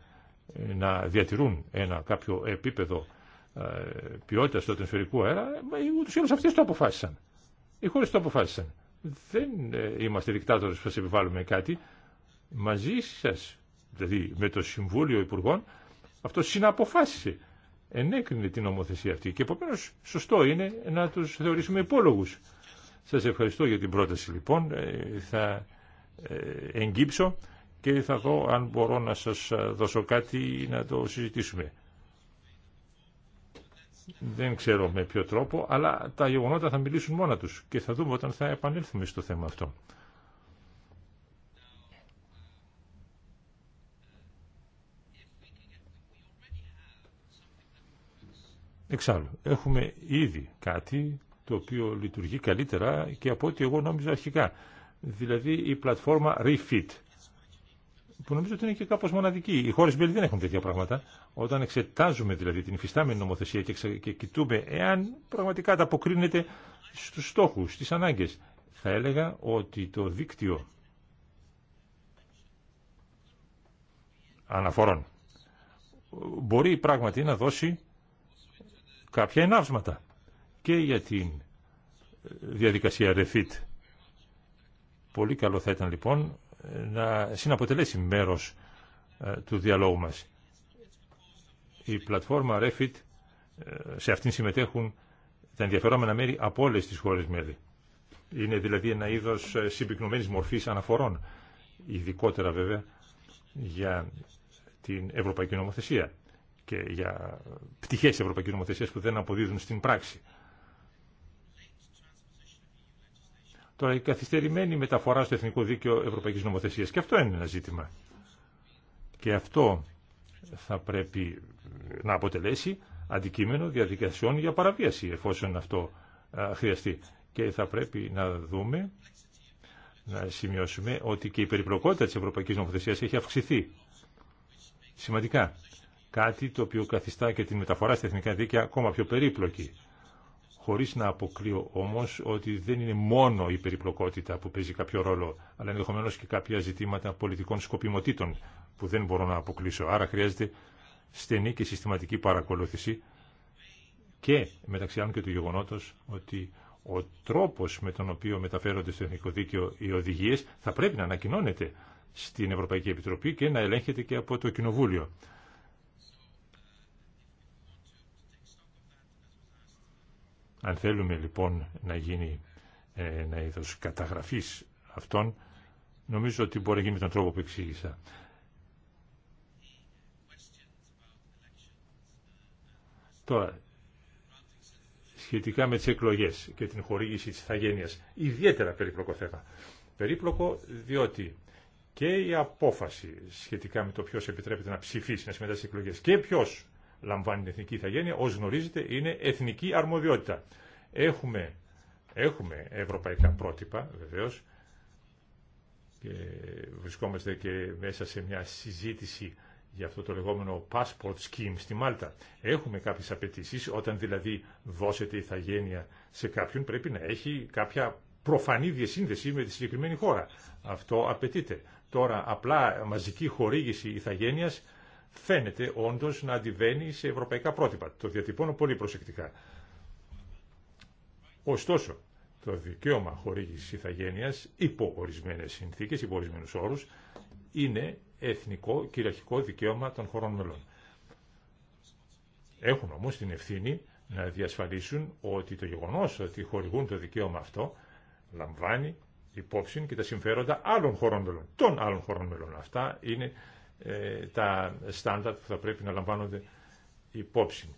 να διατηρούν ένα κάποιο επίπεδο ε, ποιότητα του ατμοσφαιρικού αέρα, ούτω ή άλλω αυτέ το αποφάσισαν. Οι χώρε το αποφάσισαν. Δεν ε, είμαστε δικτάτορε που σα επιβάλλουμε κάτι. Μαζί σα, δηλαδή με το Συμβούλιο Υπουργών, αυτό συναποφάσισε. Ενέκρινε την νομοθεσία αυτή. Και επομένω, σωστό είναι να του θεωρήσουμε υπόλογου. Σα ευχαριστώ για την πρόταση λοιπόν. Ε, θα εγκύψω και θα δω αν μπορώ να σας δώσω κάτι να το συζητήσουμε. Δεν ξέρω με ποιο τρόπο, αλλά τα γεγονότα θα μιλήσουν μόνα τους και θα δούμε όταν θα επανέλθουμε στο θέμα αυτό. Εξάλλου, έχουμε ήδη κάτι το οποίο λειτουργεί καλύτερα και από ό,τι εγώ νόμιζα αρχικά. Δηλαδή η πλατφόρμα Refit που νομίζω ότι είναι και κάπως μοναδική. Οι χώρε μπέλη δεν έχουν τέτοια πράγματα. Όταν εξετάζουμε δηλαδή την υφιστάμενη νομοθεσία και, κοιτούμε εάν πραγματικά τα αποκρίνεται στους στόχους, στις ανάγκες, θα έλεγα ότι το δίκτυο αναφορών μπορεί πράγματι να δώσει κάποια εναύσματα και για την ε, διαδικασία REFIT. Πολύ καλό θα ήταν λοιπόν να συναποτελέσει μέρος ε, του διαλόγου μας. Η πλατφόρμα Refit, ε, σε αυτήν συμμετέχουν τα ενδιαφερόμενα μέρη από όλες τις χώρες μέλη. Είναι δηλαδή ένα είδος ε, συμπυκνωμένης μορφής αναφορών, ειδικότερα βέβαια για την Ευρωπαϊκή Νομοθεσία και για πτυχές ευρωπαϊκής νομοθεσίας που δεν αποδίδουν στην πράξη. Τώρα η καθυστερημένη μεταφορά στο Εθνικό Δίκαιο Ευρωπαϊκής Νομοθεσίας. Και αυτό είναι ένα ζήτημα. Και αυτό θα πρέπει να αποτελέσει αντικείμενο διαδικασιών για παραβίαση εφόσον αυτό χρειαστεί. Και θα πρέπει να δούμε, να σημειώσουμε ότι και η περιπλοκότητα της Ευρωπαϊκής Νομοθεσίας έχει αυξηθεί σημαντικά. Κάτι το οποίο καθιστά και την μεταφορά στα εθνικά δίκαια ακόμα πιο περίπλοκη χωρίς να αποκλείω όμως ότι δεν είναι μόνο η περιπλοκότητα που παίζει κάποιο ρόλο, αλλά ενδεχομένω και κάποια ζητήματα πολιτικών σκοπιμοτήτων που δεν μπορώ να αποκλείσω. Άρα χρειάζεται στενή και συστηματική παρακολούθηση και μεταξύ άλλων και του γεγονότος ότι ο τρόπος με τον οποίο μεταφέρονται στο Εθνικό Δίκαιο οι οδηγίες θα πρέπει να ανακοινώνεται στην Ευρωπαϊκή Επιτροπή και να ελέγχεται και από το Κοινοβούλιο. Αν θέλουμε λοιπόν να γίνει ε, ένα είδος καταγραφής αυτών, νομίζω ότι μπορεί να γίνει με τον τρόπο που εξήγησα. Τώρα, σχετικά με τις εκλογές και την χορήγηση της θαγένειας, ιδιαίτερα περίπλοκο θέμα. Περίπλοκο διότι και η απόφαση σχετικά με το ποιος επιτρέπεται να ψηφίσει, να συμμετάσχει στις εκλογές και ποιος λαμβάνει την εθνική ηθαγένεια, ως γνωρίζετε είναι εθνική αρμοδιότητα. Έχουμε, έχουμε ευρωπαϊκά πρότυπα βεβαίως και βρισκόμαστε και μέσα σε μια συζήτηση για αυτό το λεγόμενο passport scheme στη Μάλτα. Έχουμε κάποιες απαιτήσει, όταν δηλαδή δώσετε ηθαγένεια σε κάποιον πρέπει να έχει κάποια προφανή διασύνδεση με τη συγκεκριμένη χώρα. Αυτό απαιτείται. Τώρα απλά μαζική χορήγηση ηθαγένειας φαίνεται όντω να αντιβαίνει σε ευρωπαϊκά πρότυπα. Το διατυπώνω πολύ προσεκτικά. Ωστόσο, το δικαίωμα χορήγηση ηθαγένεια υπό ορισμένε συνθήκες, υπό ορισμένου όρου, είναι εθνικό κυριαρχικό δικαίωμα των χωρών μελών. Έχουν όμως την ευθύνη να διασφαλίσουν ότι το γεγονό ότι χορηγούν το δικαίωμα αυτό λαμβάνει υπόψη και τα συμφέροντα άλλων χωρών μελών, των άλλων χωρών μελών. Αυτά είναι ε, τα στάνταρ που θα πρέπει να λαμβάνονται υπόψη.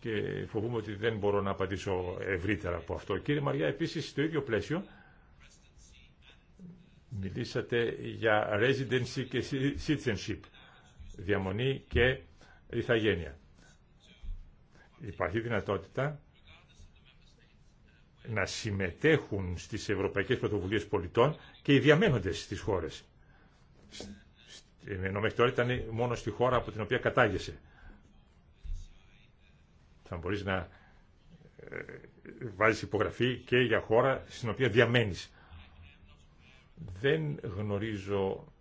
Και φοβούμαι ότι δεν μπορώ να απαντήσω ευρύτερα από αυτό. Κύριε Μαριά, επίσης στο ίδιο πλαίσιο μιλήσατε για residency και citizenship, διαμονή και ηθαγένεια. Υπάρχει δυνατότητα να συμμετέχουν στις ευρωπαϊκές πρωτοβουλίες πολιτών και οι διαμένοντες στις χώρες ενώ μέχρι τώρα ήταν μόνο στη χώρα από την οποία κατάγεσαι. Θα μπορείς να ε, βάζεις υπογραφή και για χώρα στην οποία διαμένεις. Δεν γνωρίζω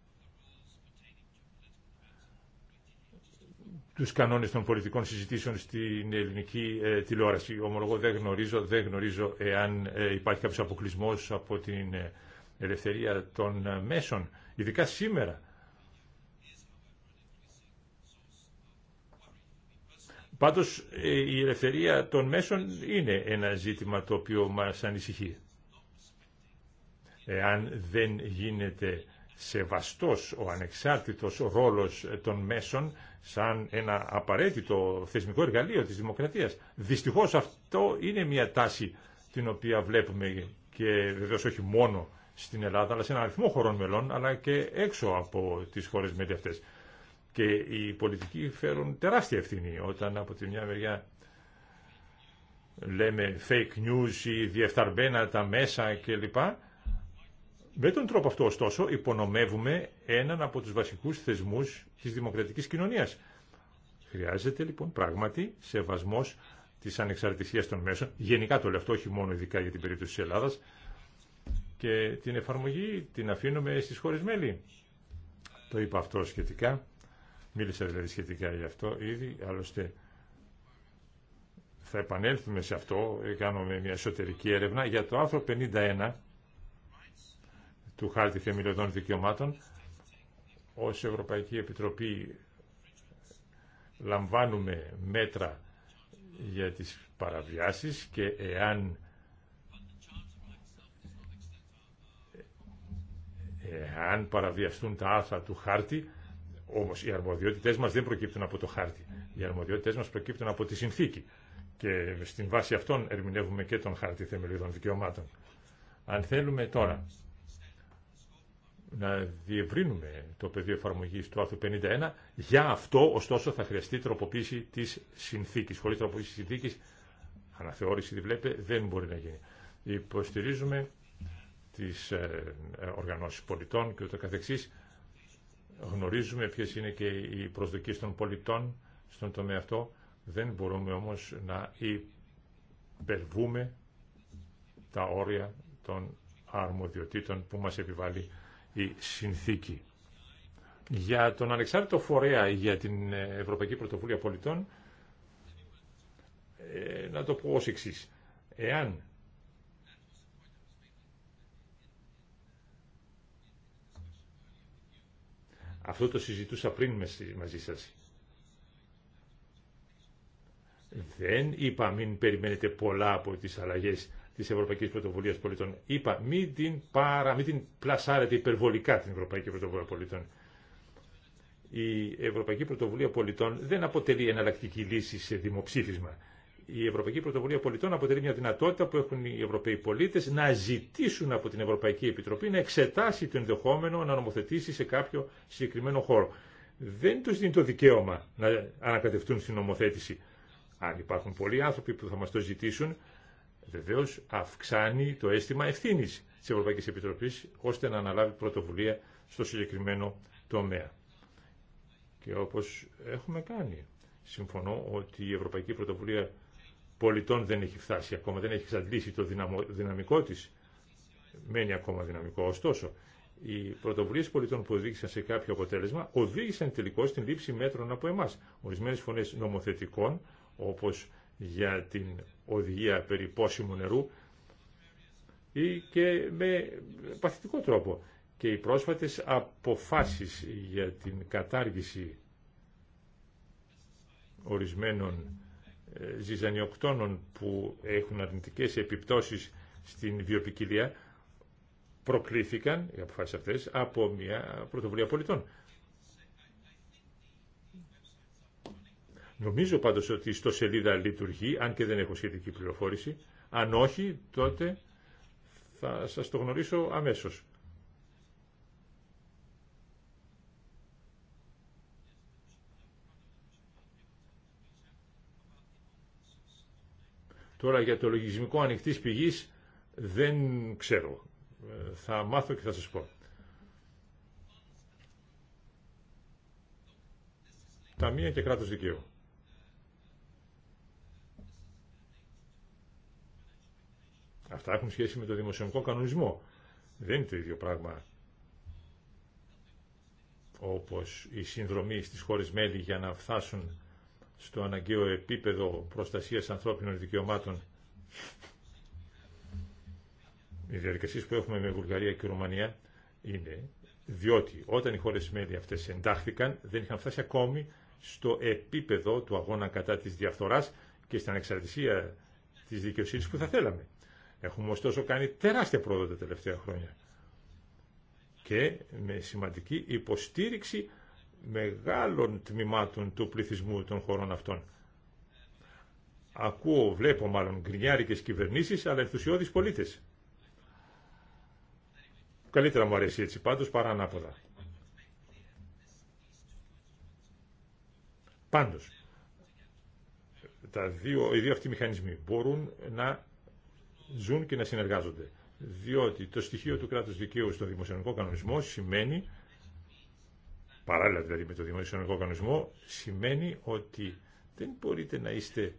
τους κανόνες των πολιτικών συζητήσεων στην ελληνική ε, τηλεόραση. Ομολογώ δεν γνωρίζω, δεν γνωρίζω εάν ε, υπάρχει κάποιος αποκλεισμός από την ε, ελευθερία των μέσων ειδικά σήμερα. Πάντως ε, η ελευθερία των μέσων είναι ένα ζήτημα το οποίο μας ανησυχεί. Εάν δεν γίνεται σεβαστός ο ανεξάρτητος ρόλος των μέσων σαν ένα απαραίτητο θεσμικό εργαλείο της δημοκρατίας. Δυστυχώς αυτό είναι μια τάση την οποία βλέπουμε και βεβαίως όχι μόνο στην Ελλάδα, αλλά σε ένα αριθμό χωρών μελών, αλλά και έξω από τις χώρες μέλη αυτές. Και οι πολιτικοί φέρουν τεράστια ευθύνη όταν από τη μια μεριά λέμε fake news ή διεφθαρμένα τα μέσα κλπ. Με τον τρόπο αυτό ωστόσο υπονομεύουμε έναν από τους βασικούς θεσμούς της δημοκρατικής κοινωνίας. Χρειάζεται λοιπόν πράγματι σεβασμός της ανεξαρτησίας των μέσων, γενικά το λεφτό, όχι μόνο ειδικά για την περίπτωση της Ελλάδας, και την εφαρμογή την αφήνουμε στις χώρες μέλη. Το είπα αυτό σχετικά, μίλησα δηλαδή σχετικά γι' αυτό ήδη, άλλωστε θα επανέλθουμε σε αυτό, κάνουμε μια εσωτερική έρευνα για το άρθρο 51 του Χάρτη Θεμελιωδών Δικαιωμάτων, ως Ευρωπαϊκή Επιτροπή λαμβάνουμε μέτρα για τις παραβιάσεις και εάν αν παραβιαστούν τα άρθρα του χάρτη, όμω οι αρμοδιότητε μα δεν προκύπτουν από το χάρτη. Οι αρμοδιότητε μα προκύπτουν από τη συνθήκη και στην βάση αυτών ερμηνεύουμε και τον χάρτη θεμελιωδών δικαιωμάτων. Αν θέλουμε τώρα να διευρύνουμε το πεδίο εφαρμογή του άρθρου 51, για αυτό ωστόσο θα χρειαστεί τροποποίηση τη συνθήκη. Χωρί τροποποίηση τη συνθήκη, αναθεώρηση τη βλέπετε, δεν μπορεί να γίνει. Υποστηρίζουμε τις ε, ε, οργανώσεις πολιτών και ούτω καθεξής. Γνωρίζουμε ποιες είναι και οι προσδοκίες των πολιτών στον τομέα αυτό. Δεν μπορούμε όμως να υπερβούμε τα όρια των αρμοδιοτήτων που μας επιβάλλει η συνθήκη. Για τον ανεξάρτητο φορέα για την ε, Ευρωπαϊκή Πρωτοβουλία Πολιτών, να το πω ως εξής. Εάν Αυτό το συζητούσα πριν μαζί σας. Δεν είπα μην περιμένετε πολλά από τις αλλαγές της Ευρωπαϊκής Πρωτοβουλίας Πολιτών. Είπα μην την, παρα, μην την πλασάρετε υπερβολικά την Ευρωπαϊκή Πρωτοβουλία Πολιτών. Η Ευρωπαϊκή Πρωτοβουλία Πολιτών δεν αποτελεί εναλλακτική λύση σε δημοψήφισμα η Ευρωπαϊκή Πρωτοβουλία Πολιτών αποτελεί μια δυνατότητα που έχουν οι Ευρωπαίοι πολίτε να ζητήσουν από την Ευρωπαϊκή Επιτροπή να εξετάσει το ενδεχόμενο να νομοθετήσει σε κάποιο συγκεκριμένο χώρο. Δεν του δίνει το δικαίωμα να ανακατευτούν στην νομοθέτηση. Αν υπάρχουν πολλοί άνθρωποι που θα μα το ζητήσουν, βεβαίω αυξάνει το αίσθημα ευθύνη τη Ευρωπαϊκή Επιτροπή ώστε να αναλάβει πρωτοβουλία στο συγκεκριμένο τομέα. Και όπω έχουμε κάνει. Συμφωνώ ότι η Ευρωπαϊκή Πρωτοβουλία πολιτών δεν έχει φτάσει ακόμα, δεν έχει εξαντλήσει το δυναμικό της. Μένει ακόμα δυναμικό. Ωστόσο, οι πρωτοβουλίες πολιτών που οδήγησαν σε κάποιο αποτέλεσμα οδήγησαν τελικώ στην λήψη μέτρων από εμάς ορισμένες φωνές νομοθετικών, όπως για την οδηγία περί πόσιμου νερού, ή και με παθητικό τρόπο. Και οι πρόσφατες αποφάσεις για την κατάργηση ορισμένων ζυζανιοκτώνων που έχουν αρνητικές επιπτώσεις στην βιοπικιλία προκλήθηκαν, οι αποφάσεις αυτές, από μια πρωτοβουλία πολιτών. Νομίζω πάντως ότι στο σελίδα λειτουργεί, αν και δεν έχω σχετική πληροφόρηση. Αν όχι, τότε θα σας το γνωρίσω αμέσως. Τώρα για το λογισμικό ανοιχτή πηγής δεν ξέρω. Θα μάθω και θα σας πω. Ταμεία και κράτος δικαίου. Αυτά έχουν σχέση με το δημοσιονομικό κανονισμό. Δεν είναι το ίδιο πράγμα όπως η συνδρομή στις χώρες μέλη για να φτάσουν στο αναγκαίο επίπεδο προστασίας ανθρώπινων δικαιωμάτων οι διαδικασίε που έχουμε με Βουλγαρία και Ρουμανία είναι διότι όταν οι χώρες μέλη αυτές εντάχθηκαν δεν είχαν φτάσει ακόμη στο επίπεδο του αγώνα κατά της διαφθοράς και στην ανεξαρτησία της δικαιοσύνης που θα θέλαμε. Έχουμε ωστόσο κάνει τεράστια πρόοδο τα τελευταία χρόνια και με σημαντική υποστήριξη μεγάλων τμήματων του πληθυσμού των χωρών αυτών. Ακούω, βλέπω μάλλον γκρινιάρικες κυβερνήσεις, αλλά ενθουσιώδεις πολίτες. Καλύτερα μου αρέσει έτσι πάντως παρά ανάποδα. Πάντως, τα δύο, οι δύο αυτοί μηχανισμοί μπορούν να ζουν και να συνεργάζονται. Διότι το στοιχείο του κράτους δικαίου στο δημοσιονομικό κανονισμό σημαίνει παράλληλα δηλαδή με το δημοσιονομικό Οργανισμό, σημαίνει ότι δεν μπορείτε να είστε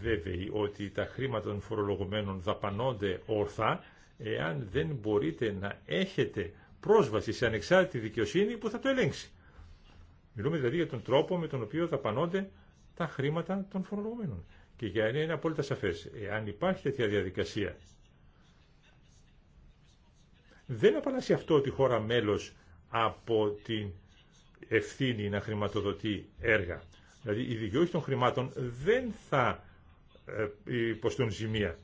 βέβαιοι ότι τα χρήματα των φορολογουμένων δαπανώνται ορθά, εάν δεν μπορείτε να έχετε πρόσβαση σε ανεξάρτητη δικαιοσύνη που θα το ελέγξει. Μιλούμε δηλαδή για τον τρόπο με τον οποίο δαπανώνται τα χρήματα των φορολογουμένων. Και για να είναι απόλυτα σαφές. Εάν υπάρχει τέτοια διαδικασία, δεν απαλλάσσει αυτό η χώρα μέλος από την ευθύνη να χρηματοδοτεί έργα. Δηλαδή οι δικαιούχοι των χρημάτων δεν θα ε, υποστούν ζημία.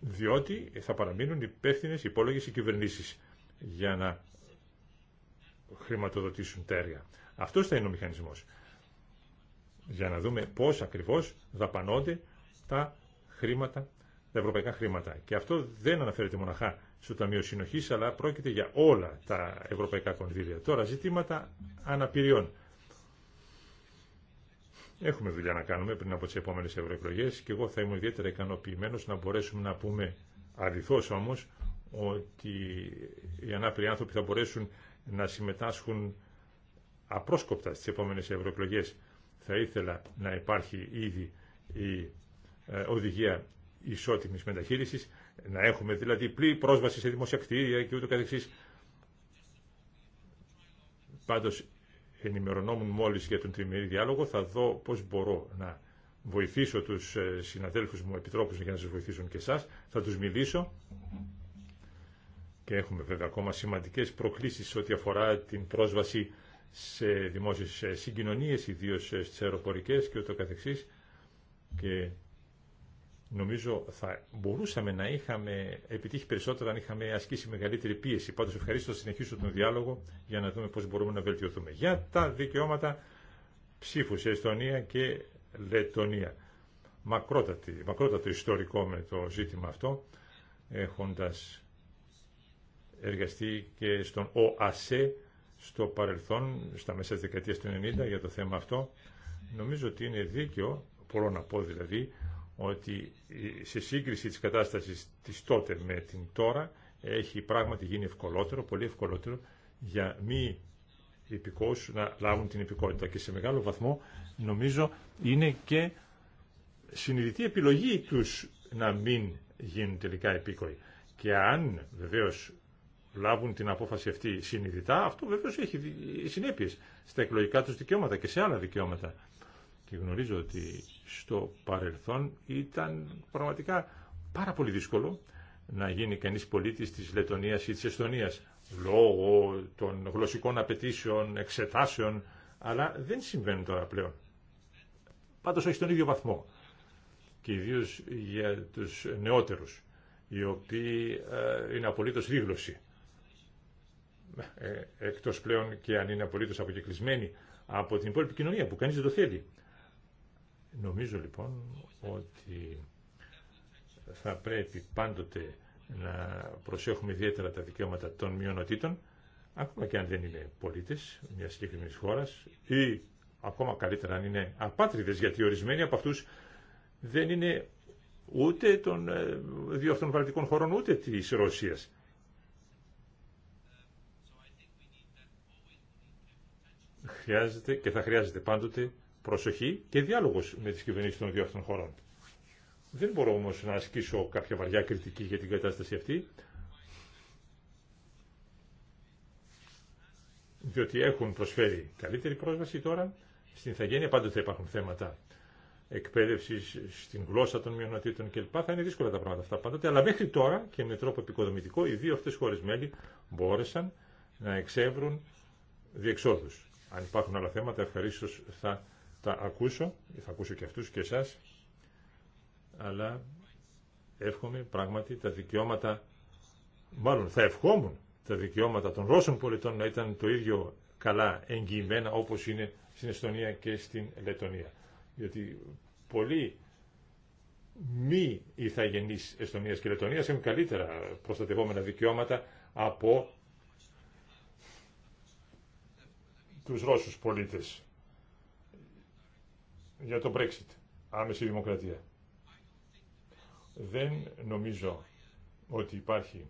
Διότι θα παραμείνουν υπεύθυνε υπόλογε οι κυβερνήσει για να χρηματοδοτήσουν τα έργα. Αυτό θα είναι ο μηχανισμό. Για να δούμε πώ ακριβώ δαπανώνται τα χρήματα, τα ευρωπαϊκά χρήματα. Και αυτό δεν αναφέρεται μοναχά στο Ταμείο Συνοχής, αλλά πρόκειται για όλα τα ευρωπαϊκά κονδύλια. Τώρα ζητήματα αναπηριών. Έχουμε δουλειά να κάνουμε πριν από τι επόμενε ευρωεκλογέ και εγώ θα είμαι ιδιαίτερα ικανοποιημένο να μπορέσουμε να πούμε αληθώ όμω, ότι οι ανάπηροι άνθρωποι θα μπορέσουν να συμμετάσχουν απρόσκοπτα στι επόμενε ευρωεκλογέ. Θα ήθελα να υπάρχει ήδη η ε, οδηγία ισότιμη μεταχείριση να έχουμε δηλαδή πλήρη πρόσβαση σε δημόσια κτίρια και ούτω καθεξής. Πάντως ενημερωνόμουν μόλις για τον τριμερή διάλογο, θα δω πώς μπορώ να βοηθήσω τους ε, συναδέλφους μου επιτρόπους για να σας βοηθήσουν και εσάς, θα τους μιλήσω και έχουμε βέβαια ακόμα σημαντικές προκλήσεις ό,τι αφορά την πρόσβαση σε δημόσιες ε, συγκοινωνίες, ιδίως ε, στις αεροπορικές και ούτω καθεξής και Νομίζω θα μπορούσαμε να είχαμε επιτύχει περισσότερα αν είχαμε ασκήσει μεγαλύτερη πίεση. Πάντως ευχαρίστω να συνεχίσω τον διάλογο για να δούμε πώς μπορούμε να βελτιωθούμε. Για τα δικαιώματα ψήφου σε Εστονία και Λετωνία. Μακρότατη, μακρότατο ιστορικό με το ζήτημα αυτό, έχοντας εργαστεί και στον ΟΑΣΕ στο παρελθόν, στα μέσα της δεκαετίας του 90 για το θέμα αυτό. Νομίζω ότι είναι δίκαιο, μπορώ να πω δηλαδή, ότι σε σύγκριση της κατάστασης της τότε με την τώρα έχει πράγματι γίνει ευκολότερο, πολύ ευκολότερο για μη υπηκόους να λάβουν την υπηκότητα και σε μεγάλο βαθμό νομίζω είναι και συνειδητή επιλογή τους να μην γίνουν τελικά επίκοοι. Και αν βεβαίως λάβουν την απόφαση αυτή συνειδητά, αυτό βεβαίως έχει συνέπειες στα εκλογικά τους δικαιώματα και σε άλλα δικαιώματα. Και γνωρίζω ότι στο παρελθόν ήταν πραγματικά πάρα πολύ δύσκολο να γίνει κανείς πολίτης της Λετωνίας ή της Εστονίας λόγω των γλωσσικών απαιτήσεων, εξετάσεων, αλλά δεν συμβαίνουν τώρα πλέον. Πάντως όχι στον ίδιο βαθμό και ιδίω για τους νεότερους, οι οποίοι ε, είναι απολύτως Ε, Εκτός πλέον και αν είναι απολύτως αποκεκλεισμένοι από την υπόλοιπη κοινωνία που κανείς δεν το θέλει. Νομίζω λοιπόν ότι θα πρέπει πάντοτε να προσέχουμε ιδιαίτερα τα δικαιώματα των μειονοτήτων, ακόμα και αν δεν είναι πολίτες μιας συγκεκριμένη χώρας ή ακόμα καλύτερα αν είναι απάτριδες, γιατί ορισμένοι από αυτούς δεν είναι ούτε των ε, δύο αυτών βαλτικών χωρών, ούτε της Ρωσίας. Χρειάζεται και θα χρειάζεται πάντοτε προσοχή και διάλογο με τι κυβερνήσει των δύο αυτών χωρών. Δεν μπορώ όμω να ασκήσω κάποια βαριά κριτική για την κατάσταση αυτή, διότι έχουν προσφέρει καλύτερη πρόσβαση τώρα. Στην Ιθαγένεια πάντοτε υπάρχουν θέματα εκπαίδευση στην γλώσσα των μειονοτήτων κλπ. Θα είναι δύσκολα τα πράγματα αυτά πάντοτε. Αλλά μέχρι τώρα και με τρόπο επικοδομητικό οι δύο αυτέ χώρε μέλη μπόρεσαν να εξεύρουν διεξόδου. Αν υπάρχουν άλλα θέματα, ευχαρίστω θα θα ακούσω, θα ακούσω και αυτούς και εσάς, αλλά εύχομαι πράγματι τα δικαιώματα, μάλλον θα ευχόμουν τα δικαιώματα των Ρώσων πολιτών να ήταν το ίδιο καλά εγγυημένα όπως είναι στην Εστονία και στην Λετωνία. Γιατί πολλοί μη ηθαγενείς Εστονίας και Λετωνίας έχουν καλύτερα προστατευόμενα δικαιώματα από τους Ρώσους πολίτες για το Brexit, άμεση δημοκρατία. Δεν νομίζω ότι υπάρχει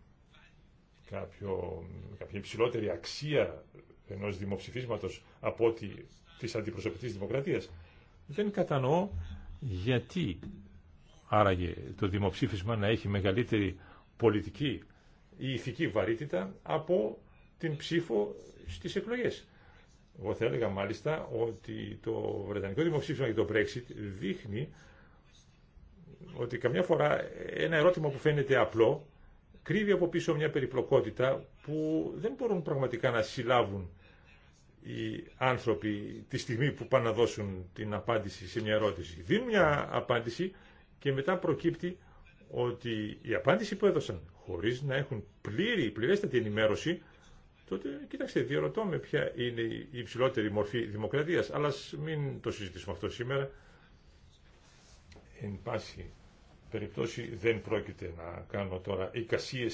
κάποιο, κάποια υψηλότερη αξία ενός δημοψηφίσματος από ότι της αντιπροσωπητής δημοκρατίας. Δεν κατανοώ γιατί άραγε το δημοψήφισμα να έχει μεγαλύτερη πολιτική ή ηθική βαρύτητα από την ψήφο στις εκλογές. Εγώ θα έλεγα μάλιστα ότι το Βρετανικό Δημοψήφισμα για το Brexit δείχνει ότι καμιά φορά ένα ερώτημα που φαίνεται απλό κρύβει από πίσω μια περιπλοκότητα που δεν μπορούν πραγματικά να συλλάβουν οι άνθρωποι τη στιγμή που πάνε να δώσουν την απάντηση σε μια ερώτηση. Δίνουν μια απάντηση και μετά προκύπτει ότι η απάντηση που έδωσαν χωρίς να έχουν πλήρη, πληρέστατη ενημέρωση τότε κοίταξτε, διαρωτώ με ποια είναι η υψηλότερη μορφή δημοκρατία, αλλά μην το συζητήσουμε αυτό σήμερα. Εν πάση περιπτώσει δεν πρόκειται να κάνω τώρα εικασίε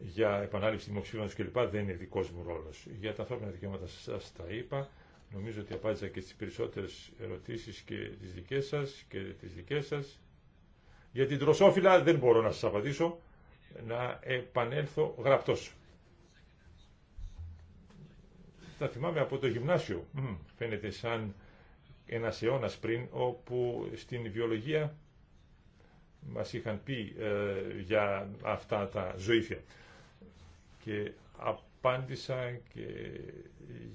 για επανάληψη δημοψήφισματος κλπ. Δεν είναι δικό μου ρόλο. Για τα ανθρώπινα δικαιώματα σα τα είπα. Νομίζω ότι απάντησα και στις περισσότερες ερωτήσεις και τις δικέ σας και τις δικές σας. Για την τροσόφυλλα δεν μπορώ να σας απαντήσω. Να επανέλθω γραπτός. Τα θυμάμαι από το γυμνάσιο. Φαίνεται σαν ένας αιώνα πριν, όπου στην βιολογία μας είχαν πει ε, για αυτά τα ζωήφια. Και απάντησα και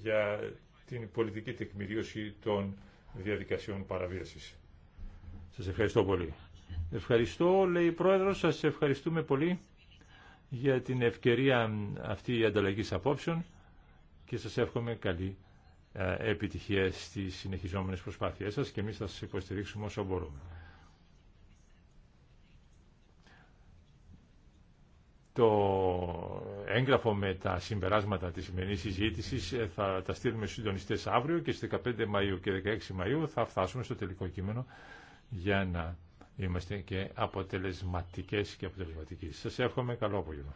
για την πολιτική τεκμηρίωση των διαδικασιών παραβίασης. Σας ευχαριστώ πολύ. Ευχαριστώ, λέει η Πρόεδρο, σας ευχαριστούμε πολύ για την ευκαιρία αυτή η ανταλλαγής απόψεων και σας εύχομαι καλή ε, επιτυχία στις συνεχιζόμενες προσπάθειές σας και εμείς θα σας υποστηρίξουμε όσο μπορούμε. Το έγγραφο με τα συμπεράσματα της σημερινής συζήτηση ε, θα τα στείλουμε στους συντονιστές αύριο και στις 15 Μαΐου και 16 Μαΐου θα φτάσουμε στο τελικό κείμενο για να είμαστε και αποτελεσματικές και αποτελεσματικοί. Σας εύχομαι καλό απόγευμα.